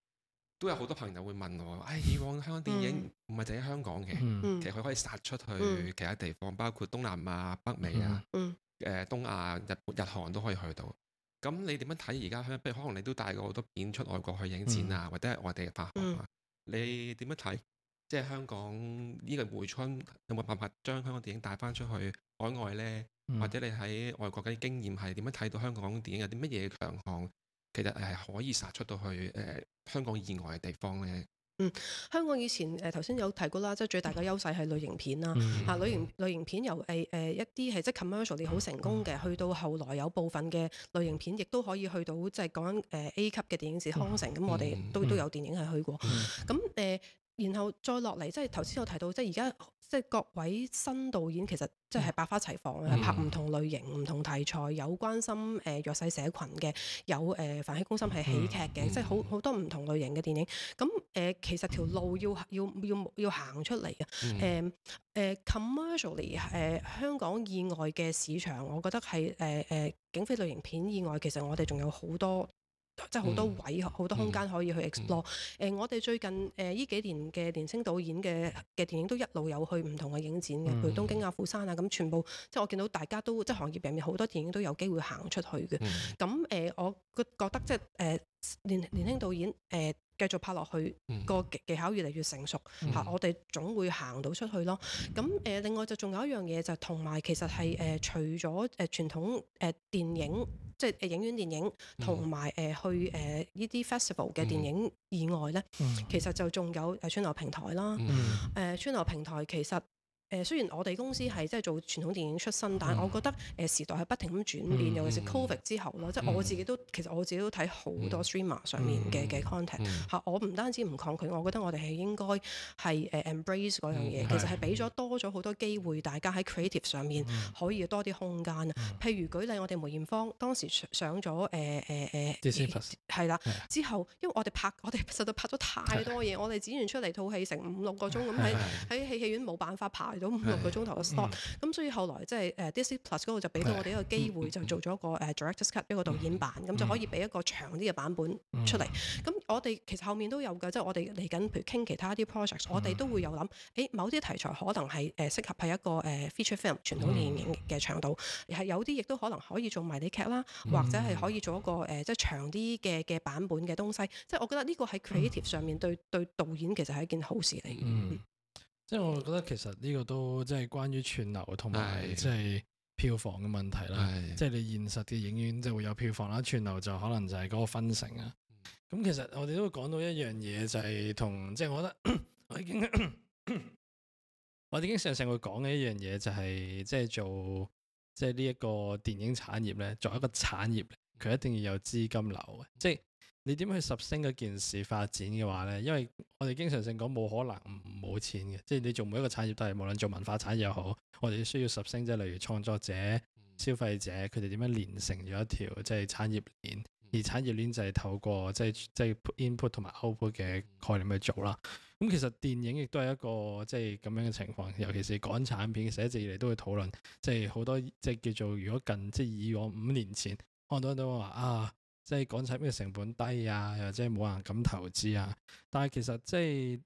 都有好多朋友會問我，誒、哎、以往香港電影唔係淨喺香港嘅，嗯、其實佢可以殺出去其他地方，嗯、包括東南亞、北美啊，誒、嗯呃、東亞、日日韓都可以去到。咁你點樣睇而家？譬如可能你都帶過好多片出外國去影展啊，嗯、或者係外地嘅發行、啊。嗯、你點樣睇？即、就、係、是、香港呢個回春有冇辦法將香港電影帶翻出去海外呢？嗯、或者你喺外國嘅經驗係點樣睇到香港電影有啲乜嘢強項？其實係可以殺出到去誒、呃、香港以外嘅地方咧。嗯，香港以前誒，頭先有提過啦，即係最大嘅優勢係類型片啦。嚇、嗯啊，類型類型片由誒誒、呃、一啲係即 commercial 啲好成功嘅，嗯、去到後來有部分嘅類型片亦都可以去到，即係講緊誒 A 級嘅電影係、嗯、康城，咁我哋都、嗯、都有電影係去過。咁誒，然後再落嚟，即係頭先有提到，即係而家。即係各位新導演其實即係百花齊放啊！嗯、拍唔同類型、唔、嗯、同題材，有關心誒弱勢社群嘅，有誒飯戲攻心係喜劇嘅，嗯、即係好好多唔同類型嘅電影。咁誒、呃、其實條路要、嗯、要要要行出嚟嘅。誒誒、嗯呃呃、commercially 誒、呃、香港以外嘅市場，我覺得係誒誒警匪類型片以外，其實我哋仲有好多。即係好多位，好、嗯、多空間可以去 explore。誒、嗯呃，我哋最近誒呢、呃、幾年嘅年輕導演嘅嘅電影都一路有去唔同嘅影展嘅，譬如東京啊、釜山啊，咁全部即係我見到大家都即係行業入面好多電影都有機會行出去嘅。咁誒、嗯呃，我覺覺得即係誒、呃、年年輕導演誒。呃繼續拍落去，個、嗯、技巧越嚟越成熟嚇、嗯啊，我哋總會行到出去咯。咁誒、呃，另外就仲有一樣嘢就同埋，其實係誒、呃，除咗誒傳統誒、呃、電影，即係影院電影，同埋誒去誒呢、呃、啲 festival 嘅電影以外咧，嗯、其實就仲有誒串、呃、流平台啦。誒串、嗯呃、流平台其實。誒雖然我哋公司係即係做傳統電影出身，但我覺得誒時代係不停咁轉變，尤其是 COVID 之後啦。即係我自己都其實我自己都睇好多 streamer 上面嘅嘅 content 嚇。我唔單止唔抗拒，我覺得我哋係應該係誒 embrace 嗰樣嘢。其實係俾咗多咗好多機會，大家喺 creative 上面可以多啲空間啊。譬如舉例，我哋梅艷芳當時上咗誒誒誒，係啦。之後因為我哋拍我哋實在拍咗太多嘢，我哋剪完出嚟套戲成五六個鐘咁喺喺戲戲院冇辦法排。有五六個鐘頭嘅 stop，咁所以後來即係誒 Disney Plus 嗰度就俾、是、到、呃、我哋一個機會，嗯、就做咗個誒、呃、director cut，一個導演版，咁、嗯、就可以俾一個長啲嘅版本出嚟。咁、嗯、我哋其實後面都有嘅，即、就、係、是、我哋嚟緊，譬如傾其他啲 project 我哋都會有諗，誒、嗯欸、某啲題材可能係誒、呃、適合係一個誒、呃、feature film 傳統電影嘅長度，係、嗯嗯、有啲亦都可能可以做埋啲劇啦，或者係可以做一個誒即係長啲嘅嘅版本嘅東西。即、就、係、是、我覺得呢個喺 creative 上面對對導演其實係一件好事嚟嘅。嗯嗯因為我覺得其實呢個都即係關於串流同埋即係票房嘅問題啦的。即係你現實嘅影院就會有票房啦，串流就可能就係嗰個分成啊。咁、嗯、其實我哋都會講到一樣嘢就係同即係我覺得 我已經 我已經常常會講嘅一樣嘢就係即係做即係呢一個電影產業咧，作為一個產業，佢一定要有資金流。你點去十星嗰件事發展嘅話呢？因為我哋經常性講，冇可能冇錢嘅，即係你做每一個產業都係，無論做文化產業又好，我哋需要十星，即係例如創作者、消費者，佢哋點樣連成咗一條，即係產業鏈。而產業鏈就係透過即係即係 input 同埋 output 嘅概念去做啦。咁、嗯嗯、其實電影亦都係一個即係咁樣嘅情況，尤其是港產片，一直以嚟都會討論，即係好多即係叫做如果近即係以往五年前，多人都會話啊。即係港產片嘅成本低啊，又或者冇人敢投資啊。但係其實即係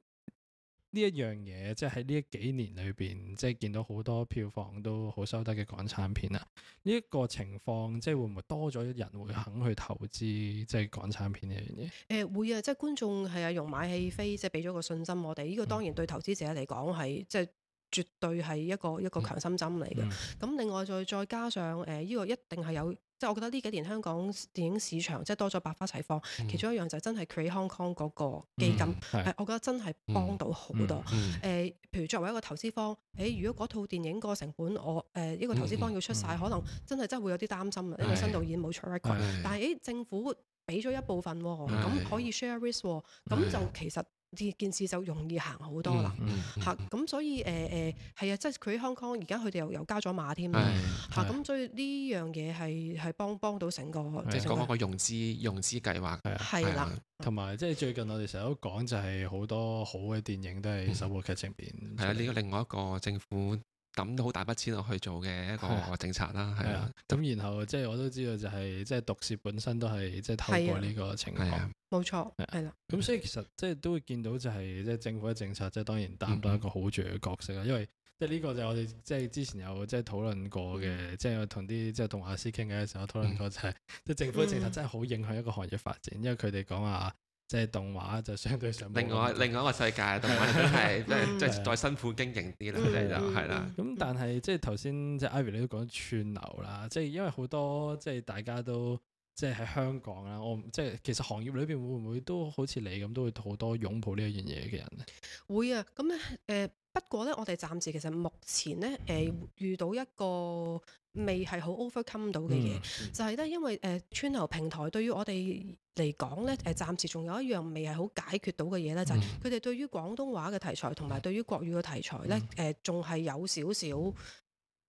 呢一樣嘢，即係喺呢幾年裏邊，即係見到好多票房都好收得嘅港產片啊。呢、這、一個情況，即係會唔會多咗人會肯去投資即係港產片呢樣嘢？誒、呃、會啊，即係觀眾係啊用買戲飛，即係俾咗個信心我哋。我哋呢個當然對投資者嚟講係，嗯、即係絕對係一個一個強心針嚟嘅。咁、嗯、另外再再加上誒，呢、呃這個一定係有。即係我覺得呢幾年香港電影市場即係多咗百花齊放，嗯、其中一樣就係、真係 Create Hong Kong 嗰個基金，係、嗯呃、我覺得真係幫到好多。誒、嗯嗯呃，譬如作為一個投資方，誒、欸、如果嗰套電影個成本我誒、呃、一個投資方要出晒，嗯、可能真係真係會有啲擔心啊，因為、嗯、新導演冇出 record 但係誒、欸、政府俾咗一部分喎，咁、哦、可以 share risk 喎、哦，咁就其實。嗯嗯嗯嗯件事就容易行好多啦，嚇咁、嗯嗯啊、所以誒誒係啊，即係佢香港而家佢哋又又加咗碼添，嚇咁的所以呢樣嘢係係幫幫到成個即係講我個融資融資計劃係啦，同埋即係最近我哋成日都講就係好多好嘅電影都係首部劇情片係啊，呢個、嗯、的另外一個政府。抌到好大筆錢落去做嘅一個政策啦，係啊。咁、啊啊、然後即係、就是、我都知道、就是，就係即係讀舌本身都係即係透過呢個情況。冇、啊啊、錯，係啦。咁所以其實即係都會見到、就是，就係即係政府嘅政策，即係當然擔當一個好重要角色啦。嗯、因為即係呢個就係我哋即係之前有即係討論過嘅，即係我同啲即係同阿師傾偈嘅時候討論過、就是，嗯、就係即係政府嘅政策真係好影響一個行業發展，嗯、因為佢哋講話。即係動畫就相對上，另外另外一個世界，動畫係即係即係再辛苦經營啲啦、 即係，就係啦。咁但係即係頭先即係 Ivy 你都講串流啦，即係因為好多即係大家都。即係喺香港啦，我即係其實行業裏邊會唔會都好似你咁，都會好多擁抱呢一樣嘢嘅人咧？會啊，咁咧誒，不過咧，我哋暫時其實目前咧誒、呃、遇到一個未係好 overcome 到嘅嘢，嗯、就係咧，因為誒串流平台對於我哋嚟講咧誒，暫、呃、時仲有一樣未係好解決到嘅嘢咧，嗯、就係佢哋對於廣東話嘅題材同埋對於國語嘅題材咧誒，仲係、嗯呃、有少，少少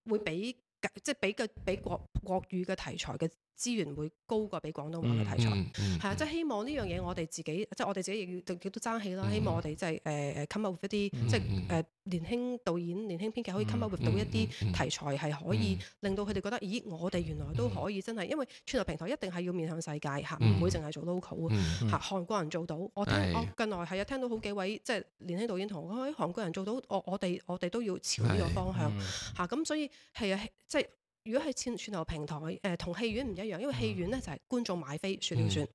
會畀即係畀嘅畀，畀國畀國，國，國，國語嘅題材嘅。資源會高過比廣東話嘅題材，嗯，係、嗯、啊！即係希望呢樣嘢，我哋自己即係我哋自己亦都爭氣啦。希望我哋即、就、係、是、誒誒、呃、come up with 一啲即係誒年輕導演、年輕編劇可以 come up with 到一啲題材，係可以令到佢哋覺得，咦！我哋原來都可以真係，因為串流平台一定係要面向世界嚇，唔會淨係做 local 啊嚇、就是哎。韓國人做到，我聽我近來係有聽到好幾位即係年輕導演同我講，咦！韓國人做到，我我哋我哋都要朝呢個方向嚇。咁、嗯嗯、所以係啊，即、嗯、係。如果係串流平台，誒同戲院唔一樣，因為戲院咧就係觀眾買飛，說了算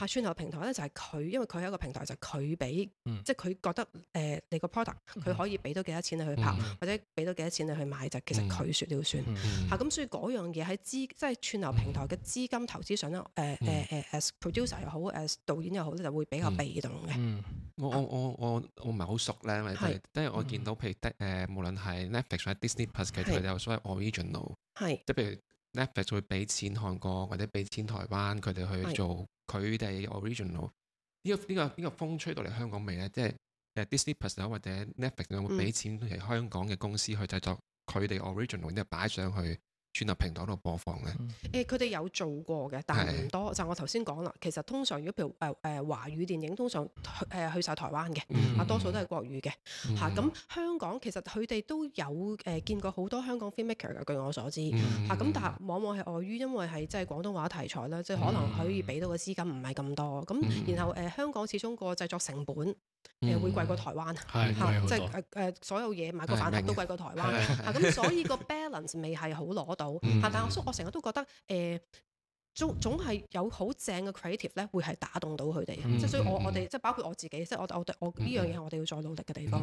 嚇。串流平台咧就係佢，因為佢係一個平台，就佢俾，即係佢覺得誒你個 product，佢可以俾到幾多錢你去拍，或者俾到幾多錢你去買，就其實佢說了算嚇。咁所以嗰樣嘢喺資，即係串流平台嘅資金投資上咧，誒誒誒，as producer 又好，as 導演又好就會比較被動嘅。我我我我我唔係好熟咧，因為我見到譬如的誒，無論係 Netflix、Disney Plus 嘅，佢有所謂 original。係。即係譬如 Netflix 會俾錢韓國或者俾錢台灣，佢哋去做佢哋 original。呢個呢個邊個風吹到嚟香港未咧？即係誒 Disney+ 或者 Netflix 會俾錢嚟香港嘅公司去製作佢哋 original，然後擺上去。轉落平台度播放嘅，誒佢哋有做過嘅，但係唔多。就我頭先講啦，其實通常如果譬如誒誒華語電影，通常誒去晒台灣嘅，啊多數都係國語嘅，吓，咁香港其實佢哋都有誒見過好多香港 filmmaker 嘅，據我所知吓，咁，但係往往係礙於因為係即係廣東話題材啦，即係可能可以俾到嘅資金唔係咁多，咁然後誒香港始終個製作成本誒會貴過台灣，吓即係誒誒所有嘢買個飯盒都貴過台灣，吓咁所以個 balance 未係好攞到。但我叔，我成日都覺得，誒，總總係有好正嘅 creative 咧，會係打動到佢哋。即係所以我我哋，即係包括我自己，即係我我我呢樣嘢，係我哋要再努力嘅地方。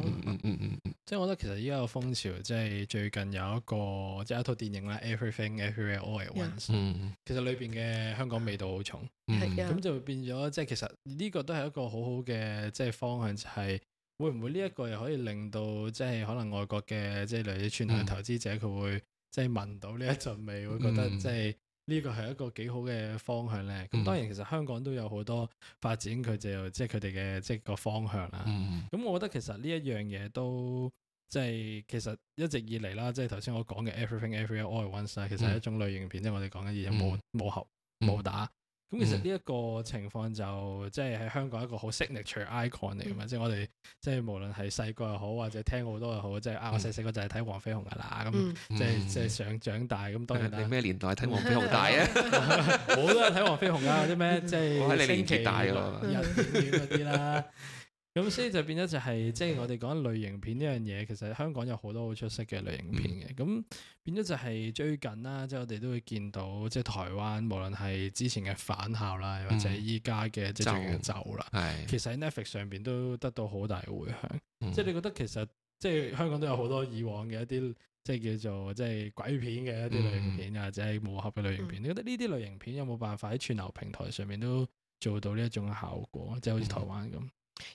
即係我覺得其實依家個風潮，即係最近有一個，即係一套電影咧，Everything Everywhere All At Once。嗯，其實裏邊嘅香港味道好重。咁就變咗，即係其實呢個都係一個好好嘅，即係方向，就係會唔會呢一個又可以令到，即係可能外國嘅，即係類似全球嘅投資者佢會。即係聞到呢一陣味，會覺得即係呢個係一個幾好嘅方向咧。咁、嗯、當然其實香港都有好多發展，佢就即係佢哋嘅即係個方向啦。咁、嗯、我覺得其實呢一樣嘢都即係、就是、其實一直以嚟啦，即係頭先我講嘅 everything everywhere all at once 啊，其實係一種類型片，即係、嗯、我哋講緊武俠武打。咁、嗯、其實呢一個情況就即係喺香港一個好 signature icon 嚟㗎嘛，即係、嗯、我哋即係無論係細個又好，或者聽好多又好，即、就、係、是、我細細個就係睇黃飛鴻㗎啦。咁即係即係想長大咁，當然啦。你咩年代睇黃飛鴻大啊？好 多人睇黃飛鴻啊！啲咩即係年紀大啊、人點嗰啲啦。咁所以就變咗就係，即係我哋講類型片呢樣嘢，其實香港有好多好出色嘅類型片嘅。咁、嗯、變咗就係最近啦，即、就、係、是、我哋都會見到，即係台灣無論係之前嘅返校啦，或者依家嘅即係最近嘅咒啦，嗯、其實喺 Netflix 上邊都得到好大嘅回響。即係、嗯、你覺得其實即係香港都有好多以往嘅一啲，即、就、係、是、叫做即係鬼片嘅一啲類型片啊，或者係武俠嘅類型片。你覺得呢啲類型片有冇辦法喺串流平台上面都做到呢一種嘅效果？即係、嗯、好似台灣咁。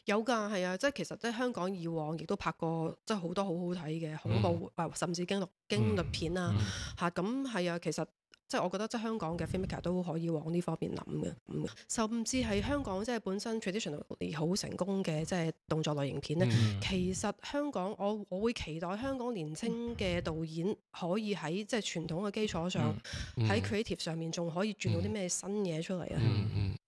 有噶，係啊，即係其實即係香港以往亦都拍過，即係好多好好睇嘅恐怖，嗯、甚至驚悚驚悚片啊，吓咁係啊，其實即係我覺得即係香港嘅 filmmaker 都可以往呢方面諗嘅、嗯，甚至係香港即係本身 traditionally 好成功嘅即係動作類型片咧，嗯、其實香港我我會期待香港年青嘅導演可以喺即係傳統嘅基礎上，喺、嗯嗯、creative 上面仲可以轉到啲咩新嘢出嚟啊！嗯嗯嗯嗯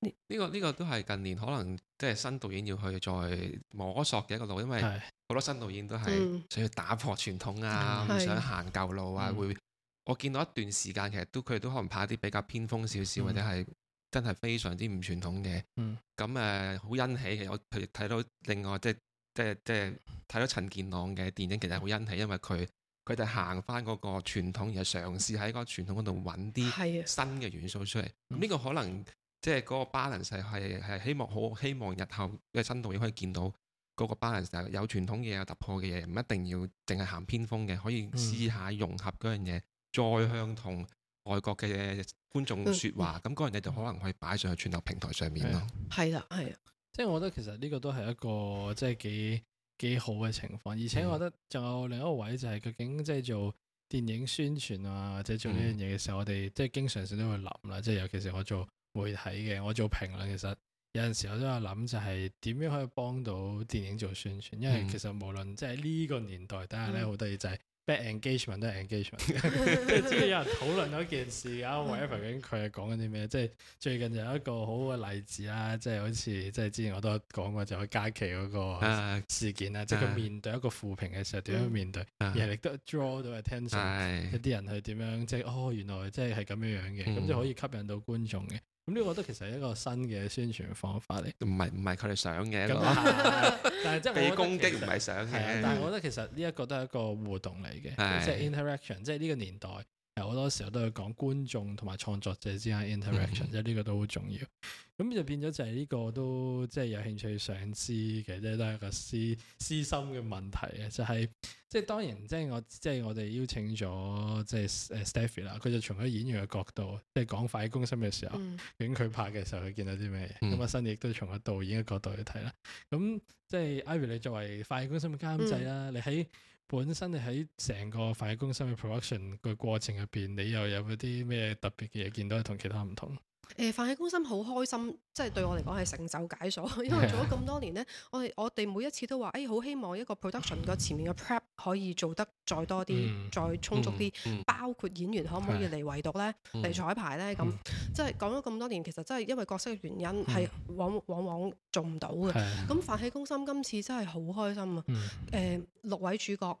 呢、這個呢、這個都係近年可能即係新導演要去再摸索嘅一個路，因為好多新導演都係想要打破傳統啊，嗯、唔想行舊路啊。嗯、會我見到一段時間，其實都佢哋都可能拍一啲比較偏鋒少少，嗯、或者係真係非常之唔傳統嘅。咁誒、嗯，好、嗯呃、欣喜嘅，其實我佢哋睇到另外即係即係即係睇到陳健朗嘅電影，其實好欣喜，因為佢佢哋行翻嗰個傳統，而係嘗試喺嗰個傳統嗰度搵啲新嘅元素出嚟。呢、嗯嗯嗯這個可能。即係嗰個 balance 係係希望好希望日後嘅新導演可以見到嗰個 balance 有傳統嘅、有突破嘅嘢，唔一定要淨係行偏鋒嘅，可以試下融合嗰樣嘢，再向同外國嘅觀眾説話，咁嗰樣嘢就可能可以擺上去全球平台上面咯。係啦，係啊，即係我覺得其實呢個都係一個即係幾幾好嘅情況，而且我覺得仲有另一個位就係究竟即係做電影宣傳啊或者做呢樣嘢嘅時候，嗯、我哋即係經常性都會諗啦，即係尤其是我做。媒體嘅，我做評論，其實有陣時我都有諗，就係點樣可以幫到電影做宣傳。因為其實無論即係呢個年代，但係咧好得意就係 bad engagement 都係 engagement，即係有人討論到一件事啊 whatever 究竟佢係講緊啲咩？即係最近就有一個好好嘅例子啦，即係好似即係之前我都講過，就係假期嗰個事件啊，即係佢面對一個負評嘅時候，點樣面對，亦都 draw 到 attention，一啲人係點樣，即係哦，原來即係係咁樣樣嘅，咁就可以吸引到觀眾嘅。咁呢個覺得其實係一個新嘅宣傳方法嚟，唔係唔係佢哋想嘅，但係即係咯，被攻擊唔係想嘅。 但係我覺得其實呢一 個都係一個互動嚟嘅，即係 interaction，即係呢個年代。好多時候都係講觀眾同埋創作者之間 interaction，即係呢個都好重要。咁就變咗就係呢個都即係、就是、有興趣想知嘅，即係都係個私私心嘅問題啊！就係即係當然，即、就、係、是、我即係、就是、我哋邀請咗即係誒 Stephie 啦，佢、就是、就從一演員嘅角度，即、就、係、是、講《飯戲攻心》嘅時候，影佢、mm hmm. 拍嘅時候，佢見到啲咩嘢。咁阿新亦都從個導演嘅角度去睇啦。咁即係、就是、Ivy，你作為《飯戲攻心》嘅監製啦，mm hmm. 你喺～本身你喺成個《飯戲攻心》嘅 production 個過程入邊，你又有嗰啲咩特別嘅嘢見到係同其他唔同？誒，飯戲攻心好開心，即係對我嚟講係成就解鎖，因為做咗咁多年呢，我哋我哋每一次都話，誒、哎、好希望一個 production 個前面嘅 prep 可以做得再多啲，嗯、再充足啲，嗯嗯、包括演員可唔可以嚟圍讀呢？嚟、嗯、彩排呢？咁、嗯、即係講咗咁多年，其實真係因為角色嘅原因係、嗯、往往往做唔到嘅。咁飯戲攻心今次真係好開心啊！誒、嗯嗯，六位主角。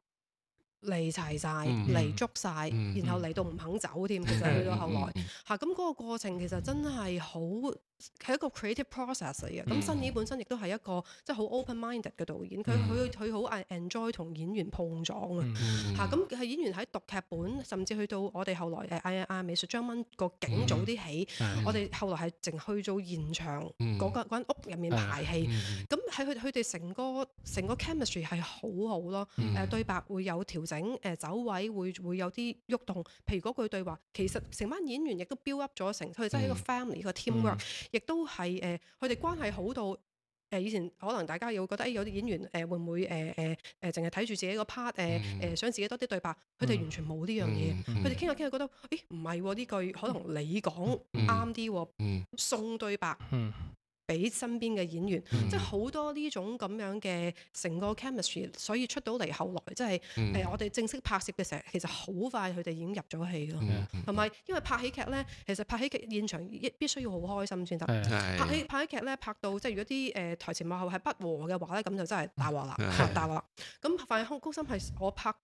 嚟齊晒，嚟、嗯、捉晒，嗯、然後嚟到唔肯走添。嗯、其實去到後來，嚇咁嗰個過程其實真係好。係一個 creative process 嚟嘅，咁新宇本身亦都係一個即係好 open minded 嘅導演，佢佢佢好 enjoy 同演員碰撞、嗯嗯、啊，吓咁係演員喺讀劇本，甚至去到我哋後來誒嗌嗌美術張蚊個景早啲起，嗯嗯、我哋後來係淨去做現場嗰、嗯嗰間嗰間屋入面排戲，咁喺佢佢哋成個成個 chemistry 係好好咯，誒、嗯嗯啊、對白會有調整，誒、呃、走位會會有啲喐動，動，譬如嗰句對話，其實成班演員亦都 build up 咗成，佢哋真係一個 family 一個，個 teamwork、嗯。嗯亦都係誒，佢、呃、哋關係好到誒、呃，以前可能大家有覺得，誒、欸、有啲演員誒、呃、會唔會誒誒誒，淨係睇住自己個 part 誒誒，想自己多啲對白，佢哋完全冇呢樣嘢，佢哋傾下傾下覺得，誒唔係喎，呢句，可能你講啱啲，送對白，嗯嗯俾身邊嘅演員，即係好多呢種咁樣嘅成個 chemistry，所以出到嚟後來，即係誒、呃、我哋正式拍攝嘅時候，其實好快佢哋已經入咗戲咯。同埋因為拍喜劇咧，其實拍喜劇現場亦必須要好開心先得。拍喜拍喜劇咧，拍到即係如果啲誒台前幕後係不和嘅話咧，咁就真係大鑊啦是的、啊，大鑊。咁飯戲攻心係我拍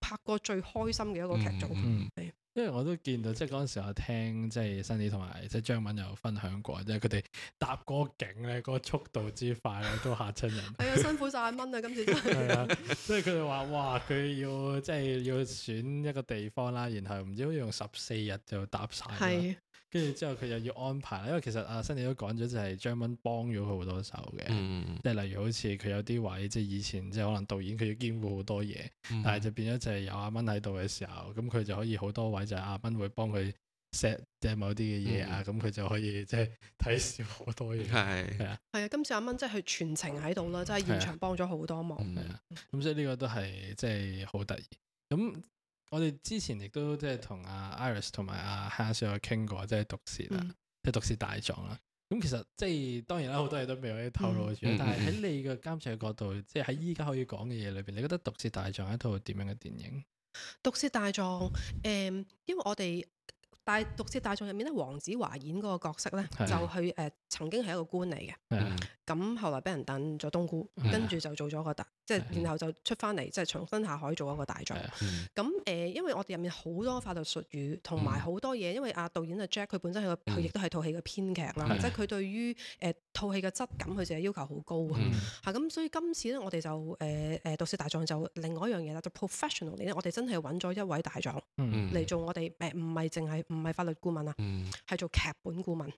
拍過最開心嘅一個劇組。嗯嗯。因為我都見到，即嗰陣時我聽，即係新宇同埋即係張敏有分享過，即佢哋搭嗰個景呢，嗰、嗰個速度之快咧，都嚇親人。係啊、 哎，辛苦晒蚊啊，今次真係啊，所以佢哋話：哇，佢要即係要選一個地方啦，然後唔知好似用十四日就搭曬啦。跟住之後，佢又要安排啦。因為其實阿、啊、新你都講咗，就係張蚊幫咗佢好多手嘅。嗯、即係例如好似佢有啲位，即係以前即係可能導演，佢要兼顧好多嘢，但係就變咗就係有阿蚊喺度嘅時候，咁佢就可以好多位，就係阿蚊會幫佢 set 即某啲嘅嘢啊。咁佢就可以即係睇少好多嘢。係係、嗯、啊。係啊，今次阿蚊即係佢全程喺度啦，即係現場幫咗好多忙。咁、嗯啊、所以呢個都係即係好得意。咁我哋之前亦都即係同阿 Iris 同埋阿 Hands 傾過，即係《毒舌、嗯》啊，即係《毒舌大狀》啦。咁其實即係當然啦，好多嘢都未可以透露住，嗯、但係喺你嘅監製角度，即係喺依家可以講嘅嘢裏邊，你覺得《毒舌大狀》係一套點樣嘅電影？《毒舌大狀》誒，因為我哋大《毒舌大狀》入面咧，黃子華演嗰個角色咧，就去誒、呃、曾經係一個官嚟嘅，咁後來俾人抌咗冬菇，嗯嗯、跟住就做咗、嗰個即係然後就出翻嚟，即係重新下海做一個大狀。咁誒，因為我哋入面好多法律術語同埋好多嘢，因為阿導演阿 Jack 佢本身係個，佢亦都係套戲嘅編劇啦。即係佢對於誒套戲嘅質感，佢就係要求好高啊。嚇咁，所以今次咧，我哋就誒誒導師大狀就另外一樣嘢啦，就 professional 啲咧。我哋真係揾咗一位大狀嚟做我哋誒，唔係淨係唔係法律顧問啊，係做劇本顧問。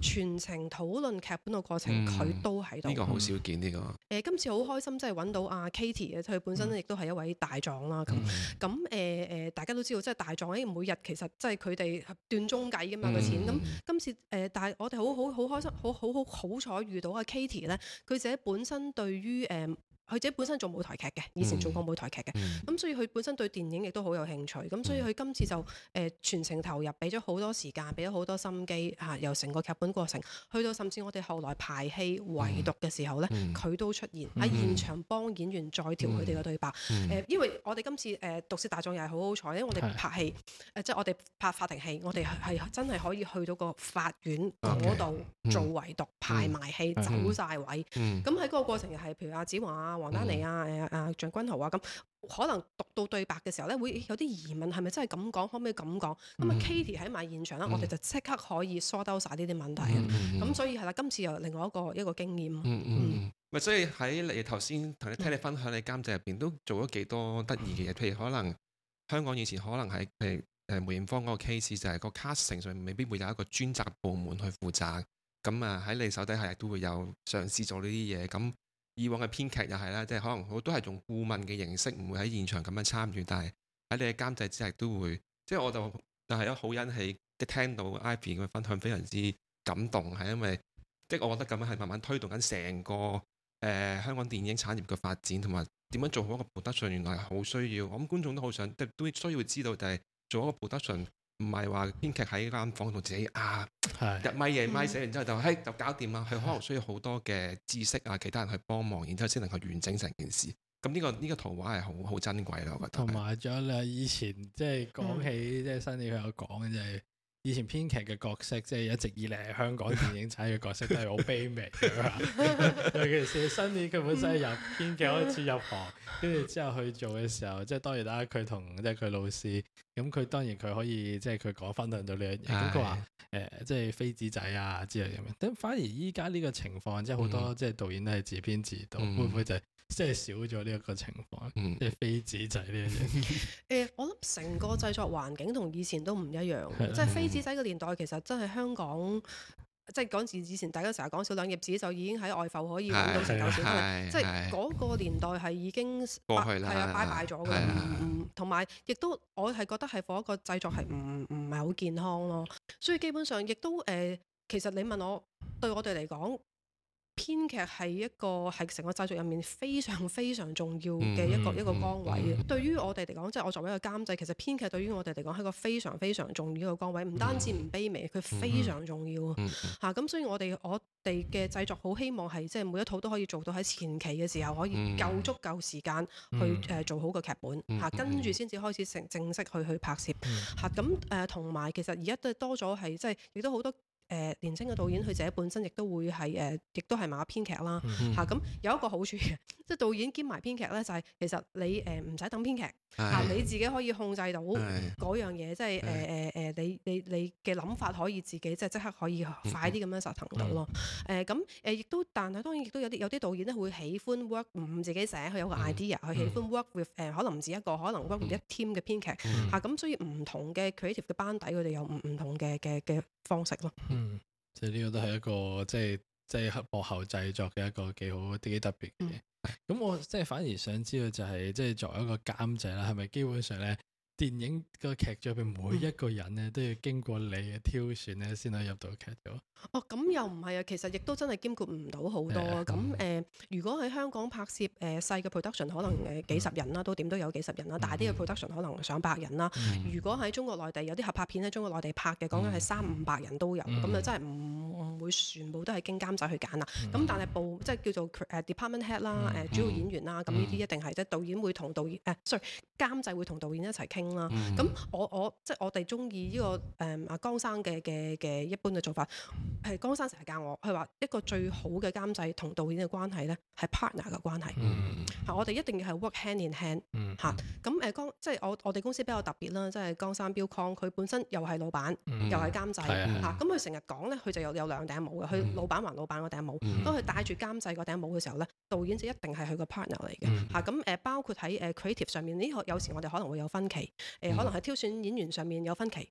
全程討論劇本嘅過程，佢都喺度。呢個好少見呢㗎。誒，今次好開心，即係揾到阿 Katie 嘅，佢本身咧亦都係一位大狀啦。咁咁誒誒，嗯嗯、大家都知道即係大狀因為每日其實即係佢哋斷鐘計㗎嘛，個錢、嗯。咁今次誒，但係我哋好好好開心，好好好好彩遇到阿 Katie 咧，佢自己本身對於誒。呃佢自己本身做舞台劇嘅，以前做過舞台劇嘅，咁所以佢本身對電影亦都好有興趣，咁所以佢今次就誒全程投入，俾咗好多時間，俾咗好多心機吓，由成個劇本過程，去到甚至我哋後來排戲圍讀嘅時候咧，佢都出現喺現場幫演員再調佢哋嘅對白。誒，因為我哋今次誒毒舌大狀又係好好彩，因為我哋拍戲誒，即係我哋拍法庭戲，我哋係真係可以去到個法院嗰度做圍讀排埋戲走晒位。咁喺嗰個過程又係，譬如阿子華。啊，王丹妮啊，誒、啊、誒，鄭君豪啊，咁可能讀到對白嘅時候咧，會有啲疑問，係咪真係咁講，可唔可以咁講？咁啊，Kitty 喺埋現場啦，嗯、我哋就即刻可以疏兜晒呢啲問題。咁、嗯嗯嗯、所以係啦，今次又另外一個一個經驗、嗯。嗯嗯，咪所以喺你頭先同你聽你分享你監製入邊都做咗幾多得意嘅嘢，譬如可能香港以前可能係誒誒梅艷芳嗰個 case 就係、是、個 casting 上未必會有一個專責部門去負責。咁啊喺你手底下都會有嘗試做呢啲嘢。咁以往嘅編劇又係啦，即係可能我都係用顧問嘅形式，唔會喺現場咁樣參與，但係喺你嘅監製之下都會。即係我就，但係咧好欣喜，即係聽到 Ivy 嘅分享，非常之感動，係因為即係我覺得咁樣係慢慢推動緊成個誒、呃、香港電影產業嘅發展，同埋點樣做好一個 production，原來係好需要。我諗觀眾都好想，都都需要知道，就係做一個 production。唔係話編劇喺間房同自己啊日咪夜咪寫完之後就嘿就搞掂啦，佢可能需要好多嘅知識啊，其他人去幫忙，然之後先能夠完整成件事。咁、呢、呢個呢、呢個圖畫係好好珍貴咯，我覺得。同埋仲有以前即係講起即係、嗯、新戲佢有講嘅就係、是。以前編劇嘅角色，即係一直以嚟香港電影產嘅角色 都係好卑微， 尤其是新年是，佢本身係由編劇開始入行，跟住之後去做嘅時候，即係當然啦，佢同即係佢老師，咁佢當然佢可以即係佢講分享到呢樣嘢，咁佢話誒，即係非子仔啊之類咁樣，咁反而依家呢個情況，即係好多即係導演都係自編自導，會唔會就係？即係少咗呢一個情況，嗯、即係飛紙仔呢一樣。誒、欸，我諗成個製作環境同以前都唔一樣。即係 飛紙仔嘅年代，其實真係香港，即係講自以前，大家成日講少兩頁紙就已經喺外埠可以揾到成嚿錢。即係嗰個年代係已經過去啦，係啊，拜拜咗嘅。唔，同埋亦都我係覺得係一個製作係唔唔唔係好健康咯。所以基本上亦都誒、呃，其實你問我對我哋嚟講，編劇係一個係成個製作入面非常非常重要嘅一個一個崗位嘅，嗯嗯、對於我哋嚟講，即、就、係、是、我作為一個監製，其實編劇對於我哋嚟講係一個非常非常重要嘅一個崗位，唔單止唔卑微，佢非常重要、嗯嗯嗯、啊！吓咁，所以我哋我哋嘅製作好希望係即係每一套都可以做到喺前期嘅時候可以夠足夠時間去誒做好個劇本吓，跟住先至開始成正式去正式去拍攝吓咁誒，同、啊、埋、呃、其實而家都多咗係即係亦都好多。誒、呃、年青嘅導演佢自己本身亦都會係誒，亦、呃、都係埋編劇啦嚇。咁、嗯哼啊、有一個好處即係、就是、導演兼埋編劇咧，就係、是、其實你誒唔使等編劇啊，你自己可以控制到嗰、哎、樣嘢，即係誒誒誒，你你你嘅諗法可以自己即係即刻可以快啲咁樣實行到咯。誒咁誒亦都，但係當然亦都有啲有啲導演咧會喜歡 work 唔自己寫，佢有個 idea，佢、嗯、哼喜歡 work with 誒、呃，可能唔止一個，可能 work with、嗯、哼一 team 嘅編劇嚇。咁、啊啊、所以唔同嘅 creative 嘅班底，佢哋有唔唔同嘅嘅嘅方式咯。嗯，即、這、呢個都係一個即係幕後製作嘅一個幾好，啲幾特別嘅嘢。咁、嗯、我即係反而想知道就係、是、作為一個監製啦，係咪基本上咧？電影個劇組入邊，每一個人咧都要經過你嘅挑選咧，先可以入到劇組。哦，咁又唔係啊，其實亦都真係兼顧唔到好多啊。咁誒，如果喺香港拍攝誒細嘅 production，可能誒幾十人啦，都點都有幾十人啦。大啲嘅 production 可能上百人啦。如果喺中國內地有啲合拍片咧，中國內地拍嘅，講緊係三五百人都有，咁就真係唔唔會全部都係經監製去揀啦。咁但係部即係叫做誒 department head 啦，誒主要演員啦，咁呢啲一定係即係導演會同導演誒 sorry 監製會同導演一齊傾。咁我我即係我哋中意呢個誒阿江生嘅嘅嘅一般嘅做法，係江生成日教我，佢話一個最好嘅監製同導演嘅關係咧係 partner 嘅關係，嚇我哋一定要係 work hand in hand，嚇咁誒江即係我我哋公司比較特別啦，即係江生 Bill Kong，佢本身又係老闆，又係監製嚇，咁佢成日講咧，佢就有有兩頂帽嘅，佢老闆還老闆嗰頂帽，當佢戴住監製嗰頂帽嘅時候咧，導演就一定係佢個 partner 嚟嘅嚇，咁誒包括喺誒 creative 上面呢個有時我哋可能會有分歧。誒，可能喺挑選演員上面有分歧，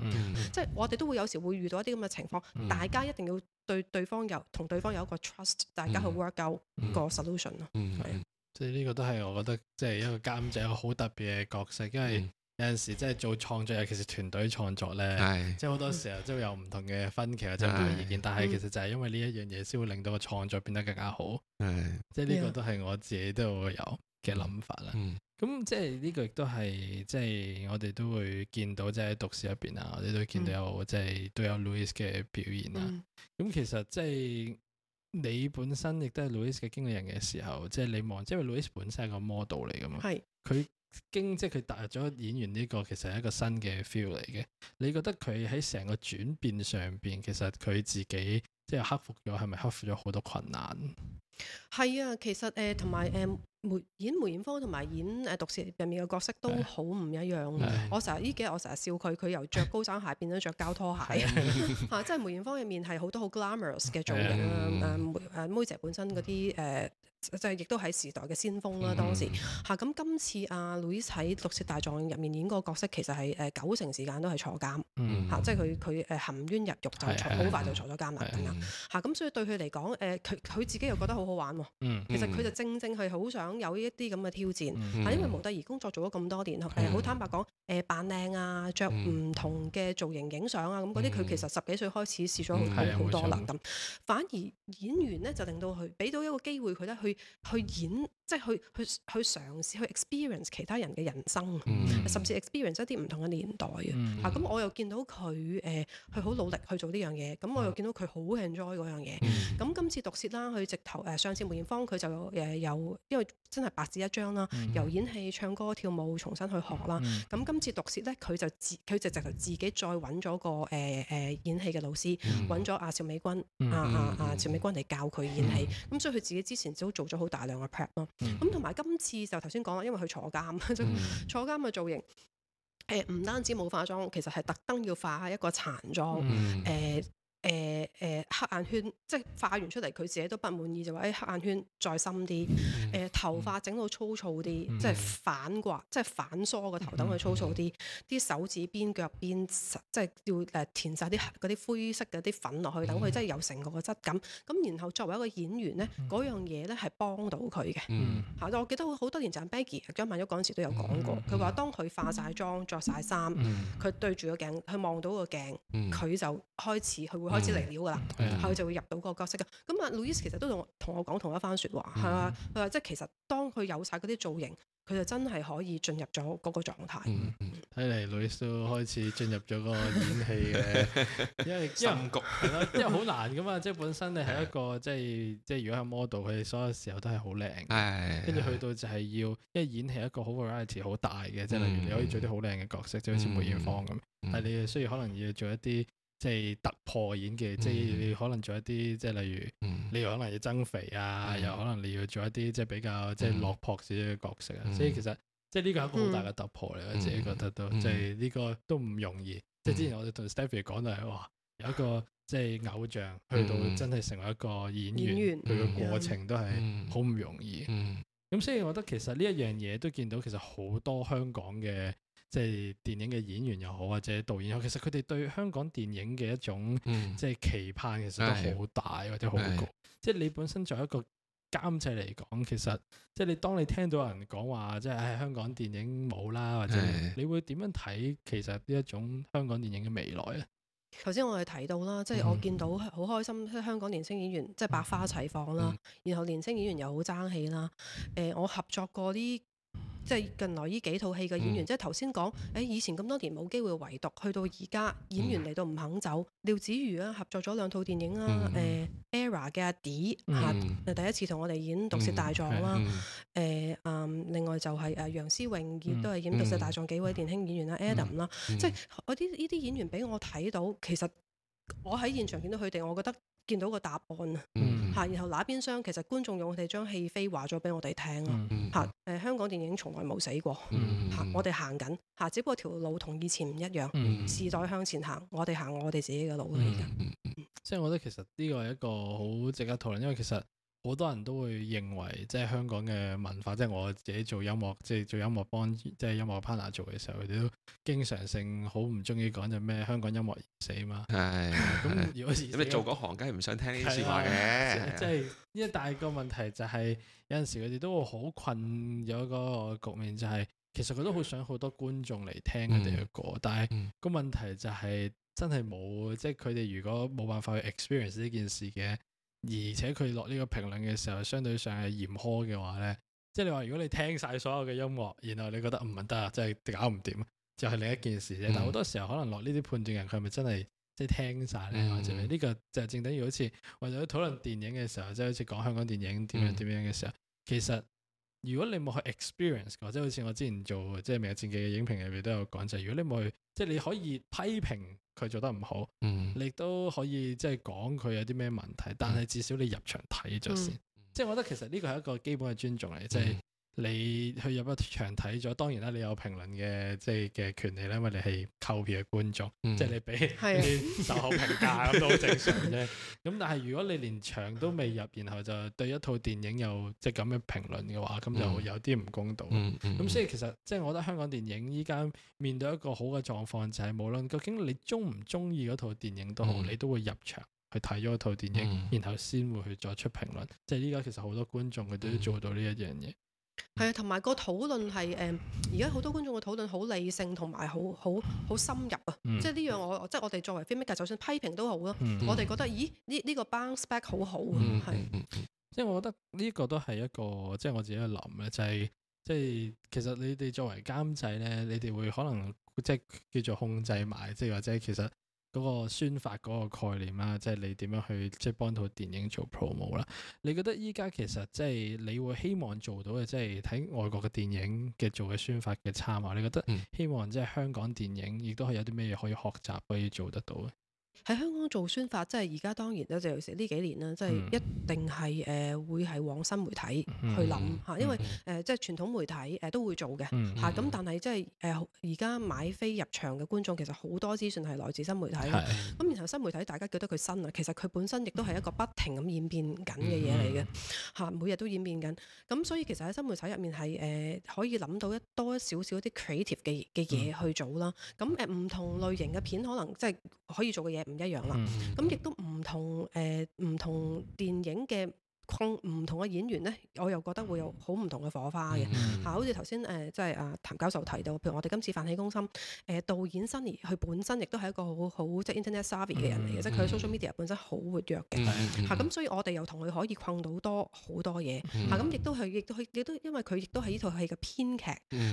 即係我哋都會有時會遇到一啲咁嘅情況，大家一定要對對方有同對方有一個 trust，大家去 work out 個 solution 咯。係，即係呢個都係我覺得即係一個監製一個好特別嘅角色，因為有陣時即係做創作，尤其是團隊創作咧，即係好多時候即會有唔同嘅分歧或者唔同意見，但係其實就係因為呢一樣嘢先會令到個創作變得更加好。係，即係呢個都係我自己都會有嘅諗法啦，咁即係呢個亦都係即係我哋都會見到，即係讀書入邊啊，我哋都會見到有即係都有 Louis 嘅表現啦。咁其實即係你本身亦都係 Louis 嘅經理人嘅時候，即係你望，即係 Louis 本身係個 model 嚟噶嘛，佢是經即係佢踏入咗演員呢個，其實係一個新嘅 feel 嚟嘅。你覺得佢喺成個轉變上邊，其實佢自己即係克服咗，係咪克服咗好多困難？係啊，其實誒同埋誒。呃演梅艷芳同埋演誒毒舌入面嘅角色都好唔一樣，我成日呢幾日我成日笑佢，佢由着高踭鞋變咗着膠拖鞋，吓，即係梅艷芳入面係好多好 glamorous 嘅造型啦，誒，誒，梅姐本身嗰啲誒，即係亦都喺時代嘅先鋒啦，當時吓，咁今次阿 Louise 喺毒舌大狀入面演個角色，其實係誒九成時間都係坐監，吓，即係佢佢誒含冤入獄就好快就坐咗監啦，吓，咁所以對佢嚟講，誒，佢佢自己又覺得好好玩，其實佢就正正係好想。有一啲咁嘅挑戰，啊，個語嗯嗯、因為模特兒工作做咗咁多年，誒、呃，好對坦白講，誒、呃，扮靚啊，着唔同嘅造型影相啊，咁嗰啲佢其實十幾歲開始試咗好多啦，咁，嗯、反而演員咧就令到佢俾到一個機會佢咧去去演，即係去去去嘗試去 experience 其他人嘅人生，嗯、甚至 experience 一啲唔同嘅年代啊，咁我又見到佢誒，佢、呃、好努力去做呢樣嘢，咁我又見到佢好 enjoy 嗰樣嘢，咁今、啊、次毒舌啦，佢直頭誒、呃，上次梅艷芳佢就誒有、呃、有，因為真係白紙一張啦，由演戲、唱歌、跳舞重新去學啦。咁今、嗯、次毒舌咧，佢就自佢直直就自己再揾咗個誒誒、呃呃、演戲嘅老師，揾咗阿邵美君、阿阿阿邵美君嚟教佢演戲。咁、嗯、所以佢自己之前都做咗好大量嘅 p r a c t 咯。咁同埋今次就頭先講啦，因為佢坐監，嗯、坐監嘅造型誒唔、呃、單止冇化妝，其實係特登要化一個殘妝誒。嗯呃誒誒、呃、黑眼圈，即係化完出嚟佢自己都不滿意，就話誒黑眼圈再深啲，誒、呃、頭髮整到粗糙啲，嗯、即係反刮，即係反梳個頭，等佢粗糙啲，啲、嗯、手指邊腳邊即係要誒填晒啲啲灰色嗰啲粉落去，等佢真係有成個嘅質感。咁然後作為一個演員咧，嗰樣嘢咧係幫到佢嘅嚇。嗯、我記得好多年就係 Maggie 張曼玉嗰陣時都有講過，佢話、嗯嗯嗯、當佢化晒妝、着晒衫，佢對住個鏡，佢望到個鏡，佢就開始佢會。開始嚟料㗎啦，後佢就會入到個角色㗎。咁啊，Louis 其實都同同我講同一番説話，係啊，佢話即係其實當佢有晒嗰啲造型，佢就真係可以進入咗嗰個狀態。睇嚟 Louis 都開始進入咗個演戲嘅，因為因為唔焗因為好難㗎嘛。即係本身你係一個即係即係，如果係 model，佢哋所有時候都係好靚。跟住去到就係要，因為演戲一個好 variety 好大嘅，即係例如你可以做啲好靚嘅角色，即好似梅艷芳咁，但係你需要可能要做一啲。即係突破演技，即係你可能做一啲即係例如，你可能要增肥啊，嗯、又可能你要做一啲即係比較即係落魄啲嘅角色啊，所以、嗯、其實即係呢個係一個好大嘅突破嚟，我、嗯、自己覺得都即係呢個都唔容易。嗯、即係之前我哋同 Stephy 講就係哇，有一個即係、就是、偶像去到真係成為一個演員，佢嘅員過程都係好唔容易。咁、嗯嗯、所以我覺得其實呢一樣嘢都見到其實好多香港嘅。即係電影嘅演員又好，或者導演又好，其實佢哋對香港電影嘅一種、嗯、即係期盼，其實都好大、嗯、或者好高。嗯、即係你本身作為一個監製嚟講，其實即係你當你聽到有人講話，即係唉香港電影冇啦，或者你會點樣睇？其實呢一種香港電影嘅未來咧，頭先我哋提到啦，即係我見到好開心，嗯、香港年輕演員即係百花齊放啦，嗯、然後年輕演員又好爭氣啦。誒、呃，我合作過啲。即係近來呢幾套戲嘅演員，即係頭先講，誒以前咁多年冇機會，唯獨去到而家，演員嚟到唔肯走。廖子瑜咧合作咗兩套電影啦，誒 e r a 嘅阿 D 嚇，第一次同我哋演《毒舌大狀》啦，誒啊，另外就係誒楊思瑩亦都係演《毒舌大狀》幾位年輕演員啦，Adam 啦，即係我啲依啲演員俾我睇到，其實我喺現場見到佢哋，我覺得。見到個答案啦，嚇、嗯啊！然後那邊廂其實觀眾用我哋將戲飛話咗俾我哋聽啦，嚇、嗯！誒、嗯啊呃、香港電影從來冇死過，嚇、嗯啊！我哋行緊，嚇、啊！只不過條路同以前唔一樣，時、嗯、代向前行，我哋行我哋自己嘅路啦，而家。即係我覺得其實呢個係一個好值得討論，因為其實。好多人都會認為，即係香港嘅文化，即係我自己做音樂，即係做音樂幫即係音樂 partner 做嘅時候，佢哋都經常性好唔中意講就咩香港音樂已死啊嘛。係、哎。咁、嗯、如果你做嗰行，梗係唔想聽呢啲説話嘅。即係呢一大個問題就係、是，有陣時佢哋都會好困咗嗰個局面，就係、是、其實佢都好想好多觀眾嚟聽佢哋嘅歌，但係個問題就係、是、真係冇，即係佢哋如果冇辦法去 experience 呢件事嘅。而且佢落呢個評論嘅時候，相對上係嚴苛嘅話呢，即係你話如果你聽晒所有嘅音樂，然後你覺得唔得啊，即係搞唔掂，就係、是就是、另一件事啫。嗯、但好多時候可能落呢啲判斷人，佢係咪真係即係聽晒就係呢、嗯、個就係正等於好似或者討論電影嘅時候，即、就、係、是、好似講香港電影點樣點樣嘅時候，嗯、其實。如果你冇去 experience，或者好似我之前做即係《就是、明日戰記》嘅影評入面都有講，就係、是、如果你冇去，即、就、係、是、你可以批評佢做得唔好，嗯、你都可以即係講佢有啲咩問題，但係至少你入場睇咗先，嗯、即係我覺得其實呢個係一個基本嘅尊重嚟，即、就、係、是嗯。你去入一場睇咗，當然啦，你有評論嘅即係嘅權利啦。因為你係購票嘅觀眾，嗯、即係你俾啲首評價咁、嗯、都好正常啫。咁、嗯、但係如果你連場都未入，然後就對一套電影有即係咁嘅評論嘅話，咁就有啲唔公道。咁、嗯嗯嗯、所以其實即係我覺得香港電影依家面對一個好嘅狀況，就係，就係無論究竟你中唔中意嗰套電影都好，嗯、你都會入場去睇咗一套電影，嗯、然後先會去作出評論。嗯、即係依家其實好多觀眾佢都做到呢一樣嘢。嗯係啊，同埋個討論係誒，而家好多觀眾嘅討論好理性同埋好好好深入啊！嗯、即係呢樣我即係我哋作為 filmmaker，就算批評都好咯，嗯嗯、我哋覺得咦呢呢、這個 bounce back 好好啊，嗯嗯、是即係我覺得呢個都係一個，即係我自己嘅諗咧，就係、是、即係其實你哋作為監製咧，你哋會可能即係叫做控制埋，即係或者其實。嗰個宣發嗰個概念啦，即係你點樣去即係幫套電影做 promo 啦？你覺得而家其實即係你會希望做到嘅，即係睇外國嘅電影嘅做嘅宣發嘅參考。你覺得希望即係香港電影，亦都係有啲咩嘢可以學習可以做得到嘅？喺香港做宣發，即係而家當然咧就呢幾年咧，即係一定係誒、呃、會係往新媒體去諗嚇，因為誒即係傳統媒體誒都會做嘅嚇，咁但係即係誒而家買飛入場嘅觀眾其實好多資訊係來自新媒體，咁是然後新媒體大家覺得佢新啊，其實佢本身亦都係一個不停咁演變緊嘅嘢嚟嘅嚇，每日都演變緊，咁、嗯啊、所以其實喺新媒體入面係誒、呃、可以諗到一多一少少啲 creative 嘅嘅嘢去做啦，咁誒唔同類型嘅片可能即係可以做嘅嘢唔一樣啦，咁亦都唔同誒，唔同電影嘅。碰唔同嘅演員咧，我又覺得會有好唔同嘅火花嘅嚇。好似頭先誒，即係啊譚教授提到，譬如我哋今次《飯戲攻心》誒導演 Sunny 佢本身亦都係一個好好即係 Internet savvy 嘅人嚟嘅，即係佢 social media 本身好活躍嘅嚇。咁所以我哋又同佢可以困到多好多嘢嚇。咁亦都係，亦都去，亦都因為佢亦都係呢套戲嘅編劇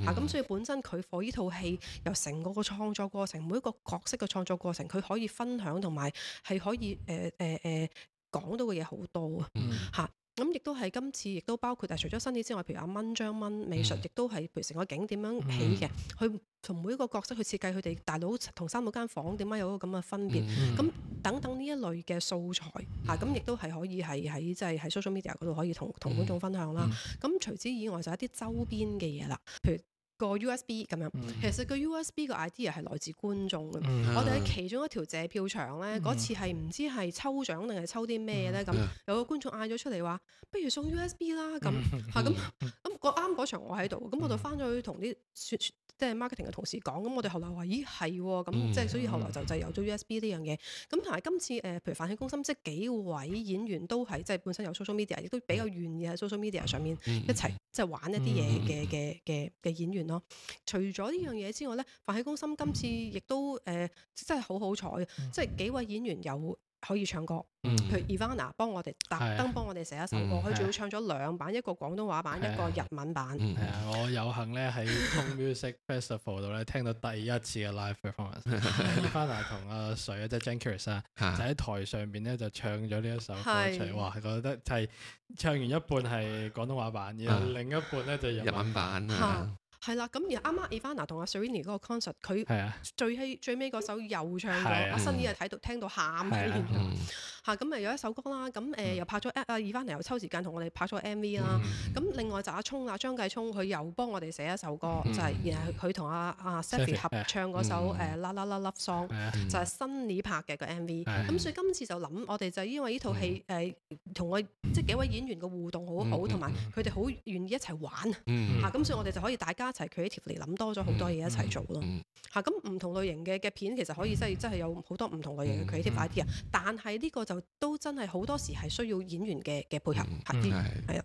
嚇。咁所以本身佢火呢套戲，由成個個創作過程，每一個角色嘅創作過程，佢可以分享同埋係可以誒誒誒。講到嘅嘢好多、嗯、啊，吓咁亦都係今次亦都包括，但、啊、係除咗身體之外，譬如阿蚊張蚊，蚊美術，亦都係譬如成個景點樣起嘅，佢從、嗯、每一個角色去設計佢哋大佬同三號間房點解有嗰咁嘅分別，咁、嗯嗯啊、等等呢一類嘅素材，吓咁亦都係可以係喺即係喺 social media 度可以同同觀眾分享啦。咁、嗯嗯啊嗯啊、除此以外就一啲周邊嘅嘢啦，譬如。個 USB 咁樣，其實個 USB 嘅 idea 係來自觀眾嘅。Mm hmm. 我哋喺其中一條借票場咧，嗰次係唔知係抽獎定係抽啲咩咧咁，有個觀眾嗌咗出嚟話：不如送 USB 啦咁嚇，咁啱嗰場我喺度，咁我就翻咗去同啲即係 marketing 嘅同事講。咁我哋後來話：咦係咁，即係所以後來就就有咗 USB 呢樣嘢。咁同埋今次誒，譬如飯戲攻心，即係幾位演員都係即係本身有 social media，亦都比較願意喺 social media 上面一齊即係玩一啲嘢嘅嘅嘅嘅演員。除咗呢樣嘢之外咧，《飯戲攻心》今次亦都誒真係好好彩，即係幾位演員有可以唱歌，譬如 Ivana 幫我哋特登幫我哋寫一首歌，佢仲要唱咗兩版，一個廣東話版，一個日文版。我有幸咧喺 Tone Music Festival 度咧聽到第一次嘅 live performance，Ivana 同阿水啊，即係 Jenkerson 就喺台上邊咧就唱咗呢一首歌曲，哇，覺得就係唱完一半係廣東話版，然後另一半咧就日文版啊。係啦，咁而啱啱 e 伊凡娜同阿 Sunny 個 concert，佢最最尾首又唱咗，阿 Sunny 又睇到聽到喊喺現場。嚇咁咪有一首歌啦，咁誒又拍咗阿伊凡娜又抽時間同我哋拍咗 MV 啦。咁另外就阿聰啊張繼聰佢又幫我哋寫一首歌，就係然後佢同阿阿 Sunny 合唱首誒啦啦啦 love song，就係 Sunny 拍嘅個 MV。咁所以今次就諗我哋就因為呢套戲誒同我即係幾位演員嘅互動好好，同埋佢哋好願意一齊玩嚇，咁所以我哋就可以大家。一齊佢喺 e a 嚟諗多咗好多嘢一齊做咯嚇，咁、嗯、唔同類型嘅嘅片其實可以真係真係有好多唔同類型嘅佢喺 e a t i v e 但係呢個就都真係好多時係需要演員嘅嘅配合、嗯，係係啊。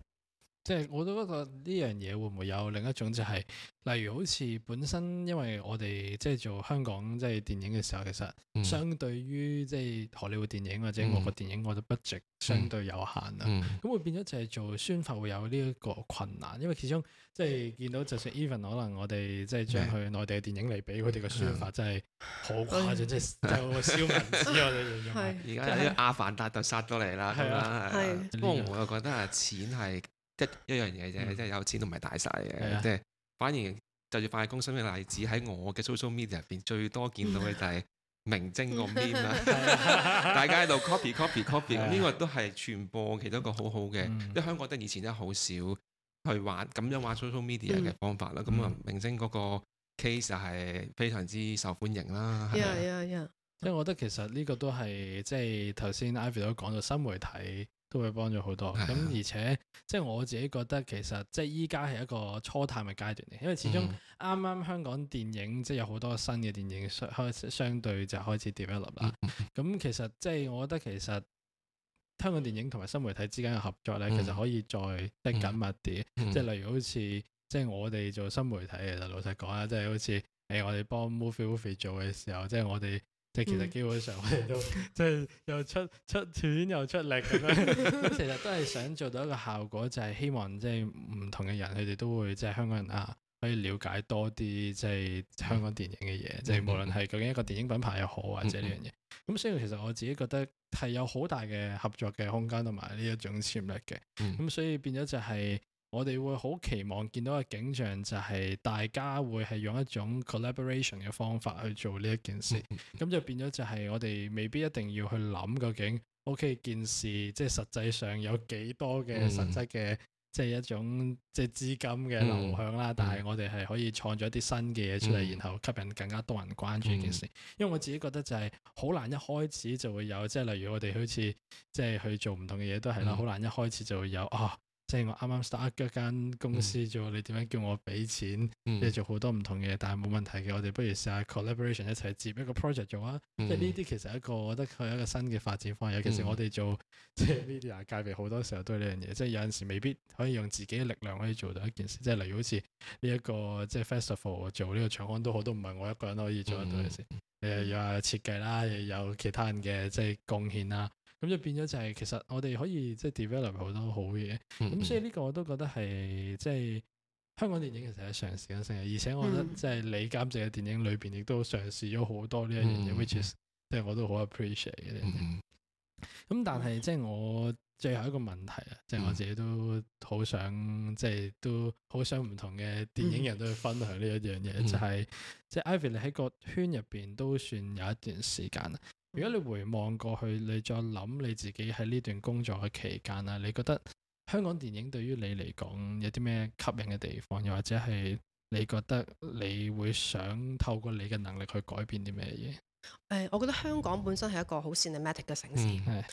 即係我都覺得呢樣嘢會唔會有另一種，就係例如好似本身，因為我哋即係做香港即係電影嘅時候，其實相對於即係荷里活電影或者外國電影，我嘅 budget 相對有限啦。咁、嗯、會變咗就係做宣發會有呢一個困難，因為始終即係見到就算 even 可能我哋即係將去內地嘅電影嚟俾佢哋嘅宣發，真係好誇張，即係有少文字啊啲嘢。而家阿凡達就殺到嚟啦，咁啊，不過我又覺得啊，錢係。一一樣嘢啫，即係、嗯、有錢都唔係大晒嘅，即係、嗯、反而就住快公司嘅例子，喺我嘅 social media 入邊最多見到嘅就係明星個面啦、 嗯，大家喺度 copy copy copy，呢、嗯、個都係傳播其中一個好好嘅，嗯、因為香港得以前真係好少去玩咁樣玩 social media 嘅方法啦。咁啊、嗯，明星嗰個 case 就係非常之受歡迎啦。係啊係啊，啊吧。即、嗯、係我覺得其實呢個都係即係頭先 Ivy 都講到新媒體。都會幫咗好多，咁、哎、呀而且即係、就是、我自己覺得其實即係依家係一個初探嘅階段嚟，因為始終啱啱香港電影即係、就是、有好多新嘅電影相開始相對就開始 develop 啦。咁、嗯、其實即係、就是、我覺得其實香港電影同埋新媒體之間嘅合作咧，嗯、其實可以再得係緊密啲，即係、嗯嗯、例如好似即係我哋做新媒體其實老實講啊，即、就、係、是、好似誒、哎、我哋幫 Movie Movie 做嘅時候，即、就、係、是、我哋。即係其實基本上我哋都即係又出出錢又出力咁樣，咁 其實都係想做到一個效果，就係、是、希望即係唔同嘅人，佢哋都會即係、就是、香港人啊，可以了解多啲即係香港電影嘅嘢，即係、嗯、無論係究竟一個電影品牌又好或者呢樣嘢，咁、嗯、所以其實我自己覺得係有好大嘅合作嘅空間同埋呢一種潛力嘅，咁、嗯、所以變咗就係、是。我哋會好期望見到個景象就係大家會係用一種 collaboration 嘅方法去做呢一件事，咁、嗯、就變咗就係我哋未必一定要去諗究竟 OK 件事，即係實際上有幾多嘅實質嘅，即係、嗯、一種即係資金嘅流向啦。嗯、但係我哋係可以創造一啲新嘅嘢出嚟，嗯、然後吸引更加多人關注呢件事。嗯、因為我自己覺得就係好難一開始就會有，即、就、係、是、例如我哋好似即係去做唔同嘅嘢都係啦，好、嗯、難一開始就會有啊。聽我啱啱 start 一間公司做，你點樣叫我俾錢？你做好多唔同嘢，嗯、但係冇問題嘅。我哋不如試下 collaboration 一齊接一個 project 做啊！即係呢啲其實係一個，我覺得佢係一個新嘅發展方向。尤其是我哋做即係 media 界別好多時候都係呢樣嘢，即係有陣時未必可以用自己嘅力量可以做到一件事。即係例如好似呢一個即係 festival 做呢個場刊都好，都唔係我一個人可以做得到嘅事。誒、嗯，有設計啦，又有其他人嘅即係貢獻啦。咁就變咗就係、是、其實我哋可以即係、就是、develop 好多好嘢，咁、嗯、所以呢個我都覺得係即係香港電影其實係嘗試緊性嘅，而且我覺得即係你監製嘅電影裏邊亦都嘗試咗好多呢一樣嘢，which is 即、就、係、是、我都好 appreciate 嘅。咁、嗯、但係即係我最後一個問題啊，即、就、係、是、我自己都好想即係、就是、都好想唔同嘅電影人都去分享呢一樣嘢，就係即係 Ivy 你喺個圈入邊都算有一段時間啦。如果你回望過去，你再諗你自己喺呢段工作嘅期間啦，你覺得香港電影對於你嚟講有啲咩吸引嘅地方，又或者係你覺得你會想透過你嘅能力去改變啲咩嘢？誒、呃，我覺得香港本身係一個好 cinematic 嘅城市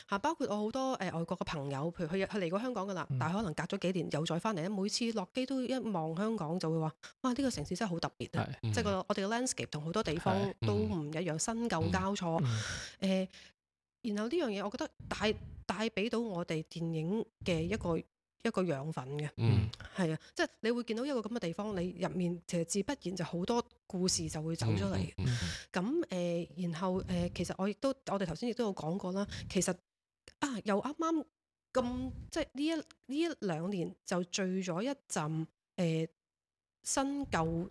吓，嗯、包括我好多誒、呃、外國嘅朋友，譬如佢佢嚟過香港噶啦，嗯、但係可能隔咗幾年又再翻嚟咧。每次落機都一望香港就會話，哇，呢、這個城市真係好特別啊！嗯、即係個我哋嘅 landscape 同好多地方都唔一樣，嗯、新舊交錯。誒、嗯呃，然後呢樣嘢，我覺得帶帶俾到我哋電影嘅一個一個養分嘅，係啊、嗯，即係你會見到一個咁嘅地方，你入面其實自不然就好多故事就會走出嚟。嗯嗯嗯嗯嗯嗯嗯咁誒、呃，然後誒、呃，其實我亦都，我哋頭先亦都有講過啦。其實啊，又啱啱咁即係呢一呢一兩年就聚咗一陣誒、呃、新舊誒、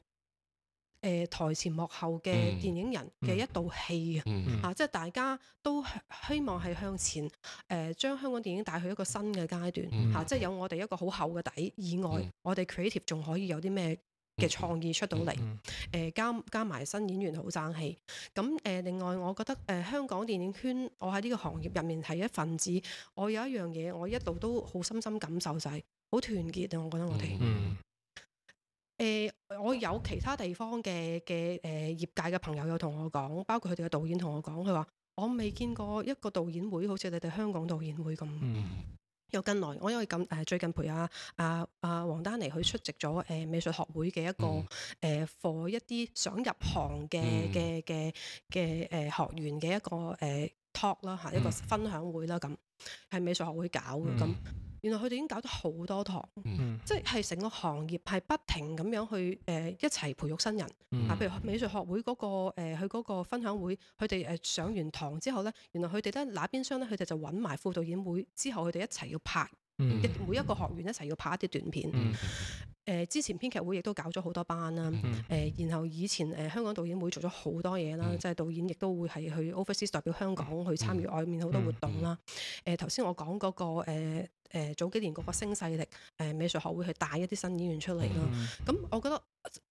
呃、台前幕後嘅電影人嘅一道氣、嗯嗯嗯嗯、啊！嚇，即係大家都希望係向前誒，將、呃、香港電影帶去一個新嘅階段嚇、嗯嗯啊，即係有我哋一個好厚嘅底以外，我哋 creative 仲可以有啲咩？嗯嗯嗯嘅創意出到嚟，誒加加埋新演員好爭氣，咁誒、呃、另外，我覺得誒、呃、香港電影圈，我喺呢個行業入面係一份子，我有一樣嘢，我一路都好深深感受曬，就係，好團結啊！我覺得我哋，誒、嗯嗯呃、我有其他地方嘅嘅誒業界嘅朋友有同我講，包括佢哋嘅導演同我講，佢話我未見過一個導演會好似你哋香港導演會咁。嗯有近來，我因為近誒最近陪阿阿阿王丹妮去出席咗誒、呃、美術學會嘅一個誒課，嗯呃、一啲想入行嘅嘅嘅嘅誒學員嘅一個誒 talk 啦嚇，一個分享會啦咁，係、嗯、美術學會搞嘅咁。嗯原來佢哋已經搞咗好多堂，mm hmm. 即係成個行業係不停咁樣去誒、呃、一齊培育新人。啊，譬如美術學會嗰、那個佢嗰、呃、分享會，佢哋誒上完堂之後咧，原來佢哋咧拿邊箱咧，佢哋就揾埋副導演會，之後佢哋一齊要拍。每一個學員一齊要拍一啲短片。誒，之前編劇會亦都搞咗好多班啦。誒，然後以前誒香港導演會做咗好多嘢啦，即係導演亦都會係去 Office 代表香港去參與外面好多活動啦。誒，頭先我講嗰個誒早幾年嗰個聲勢力美術學會去帶一啲新演員出嚟咯。咁我覺得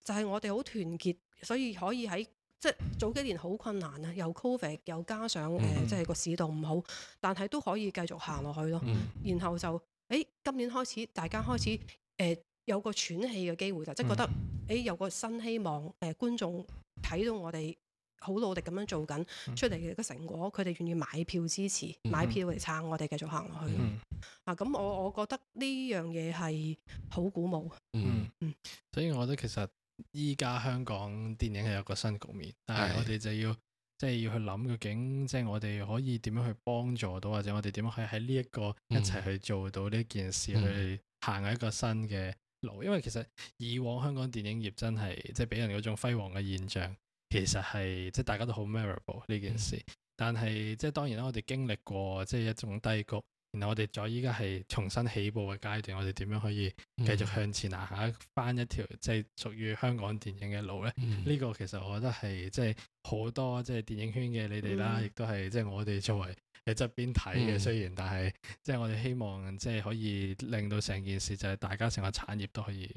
就係我哋好團結，所以可以喺即係早幾年好困難啊，有 Covid 又加上誒即係個市道唔好，但係都可以繼續行落去咯。然後就。誒、哎，今年開始，大家開始，誒、呃、有個喘氣嘅機會就即係覺得，誒、嗯哎、有個新希望，誒、呃、觀眾睇到我哋好努力咁樣做緊出嚟嘅個成果，佢哋、嗯、願意買票支持，嗯、買票嚟撐、嗯、我哋繼續行落去。嗯、啊，咁我我覺得呢樣嘢係好鼓舞。嗯嗯，嗯所以我覺得其實依家香港電影係有個新局面，的但係我哋就要。即係要去諗究竟，即係我哋可以點樣去幫助到，或者我哋點樣去喺呢一個一齊去做到呢件事，去行一個新嘅路。嗯嗯、因為其實以往香港電影業真係即係俾人嗰種輝煌嘅現象，其實係即係大家都好 marvelable 呢件事。嗯、但係即係當然啦，我哋經歷過即係一種低谷。然後我哋再依家係重新起步嘅階段，我哋點樣可以繼續向前啊行一翻，嗯、一條即係屬於香港電影嘅路呢？呢、嗯、個其實我覺得係即係好多即係電影圈嘅你哋啦，亦、嗯、都係即係我哋作為喺側邊睇嘅，嗯、雖然但係即係我哋希望即係可以令到成件事就係、是、大家成個產業都可以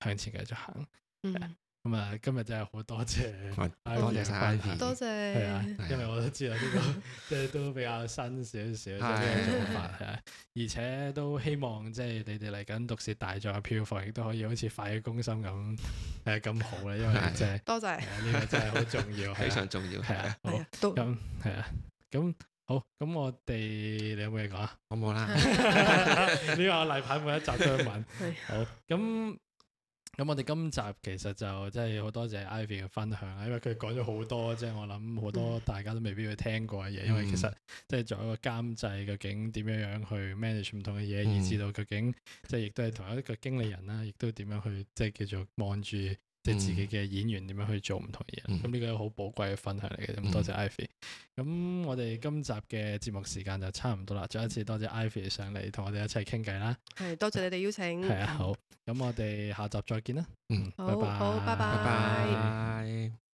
向前繼續行。嗯嗯咁啊，今日真係好多謝，多謝晒，多謝，係啊，因為我都知啊，呢個即係都比較新少少嘅做法，係啊，係啊，而且都希望即係你哋嚟緊《毒舌大狀》嘅票房亦都可以好似快於攻心咁誒咁好咧，因為即係多謝，呢個真係好重要，非常重要，係啊，都咁係啊，咁好，咁我哋你有冇嘢講啊？我冇啦，你話例牌每一集都去問，好咁。咁我哋今集其實就真係好多謝 Ivy 嘅分享，因為佢講咗好多，即係我諗好多大家都未必會聽過嘅嘢，因為其實即係作為一個監製，究竟點樣樣去 manage 唔同嘅嘢，以致到究竟即係亦都係同一個經理人啦，亦都點樣去即係叫做望住。即係自己嘅演員點樣去做唔同嘢，咁呢、嗯、個好寶貴嘅分享嚟嘅，咁多謝 Ivy。咁、嗯、我哋今集嘅節目時間就差唔多啦，再一次多謝 Ivy 上嚟同我哋一齊傾偈啦。係，多謝你哋邀請。係 啊，好。咁我哋下集再見啦。嗯，bye bye 好，好，拜拜。Bye bye。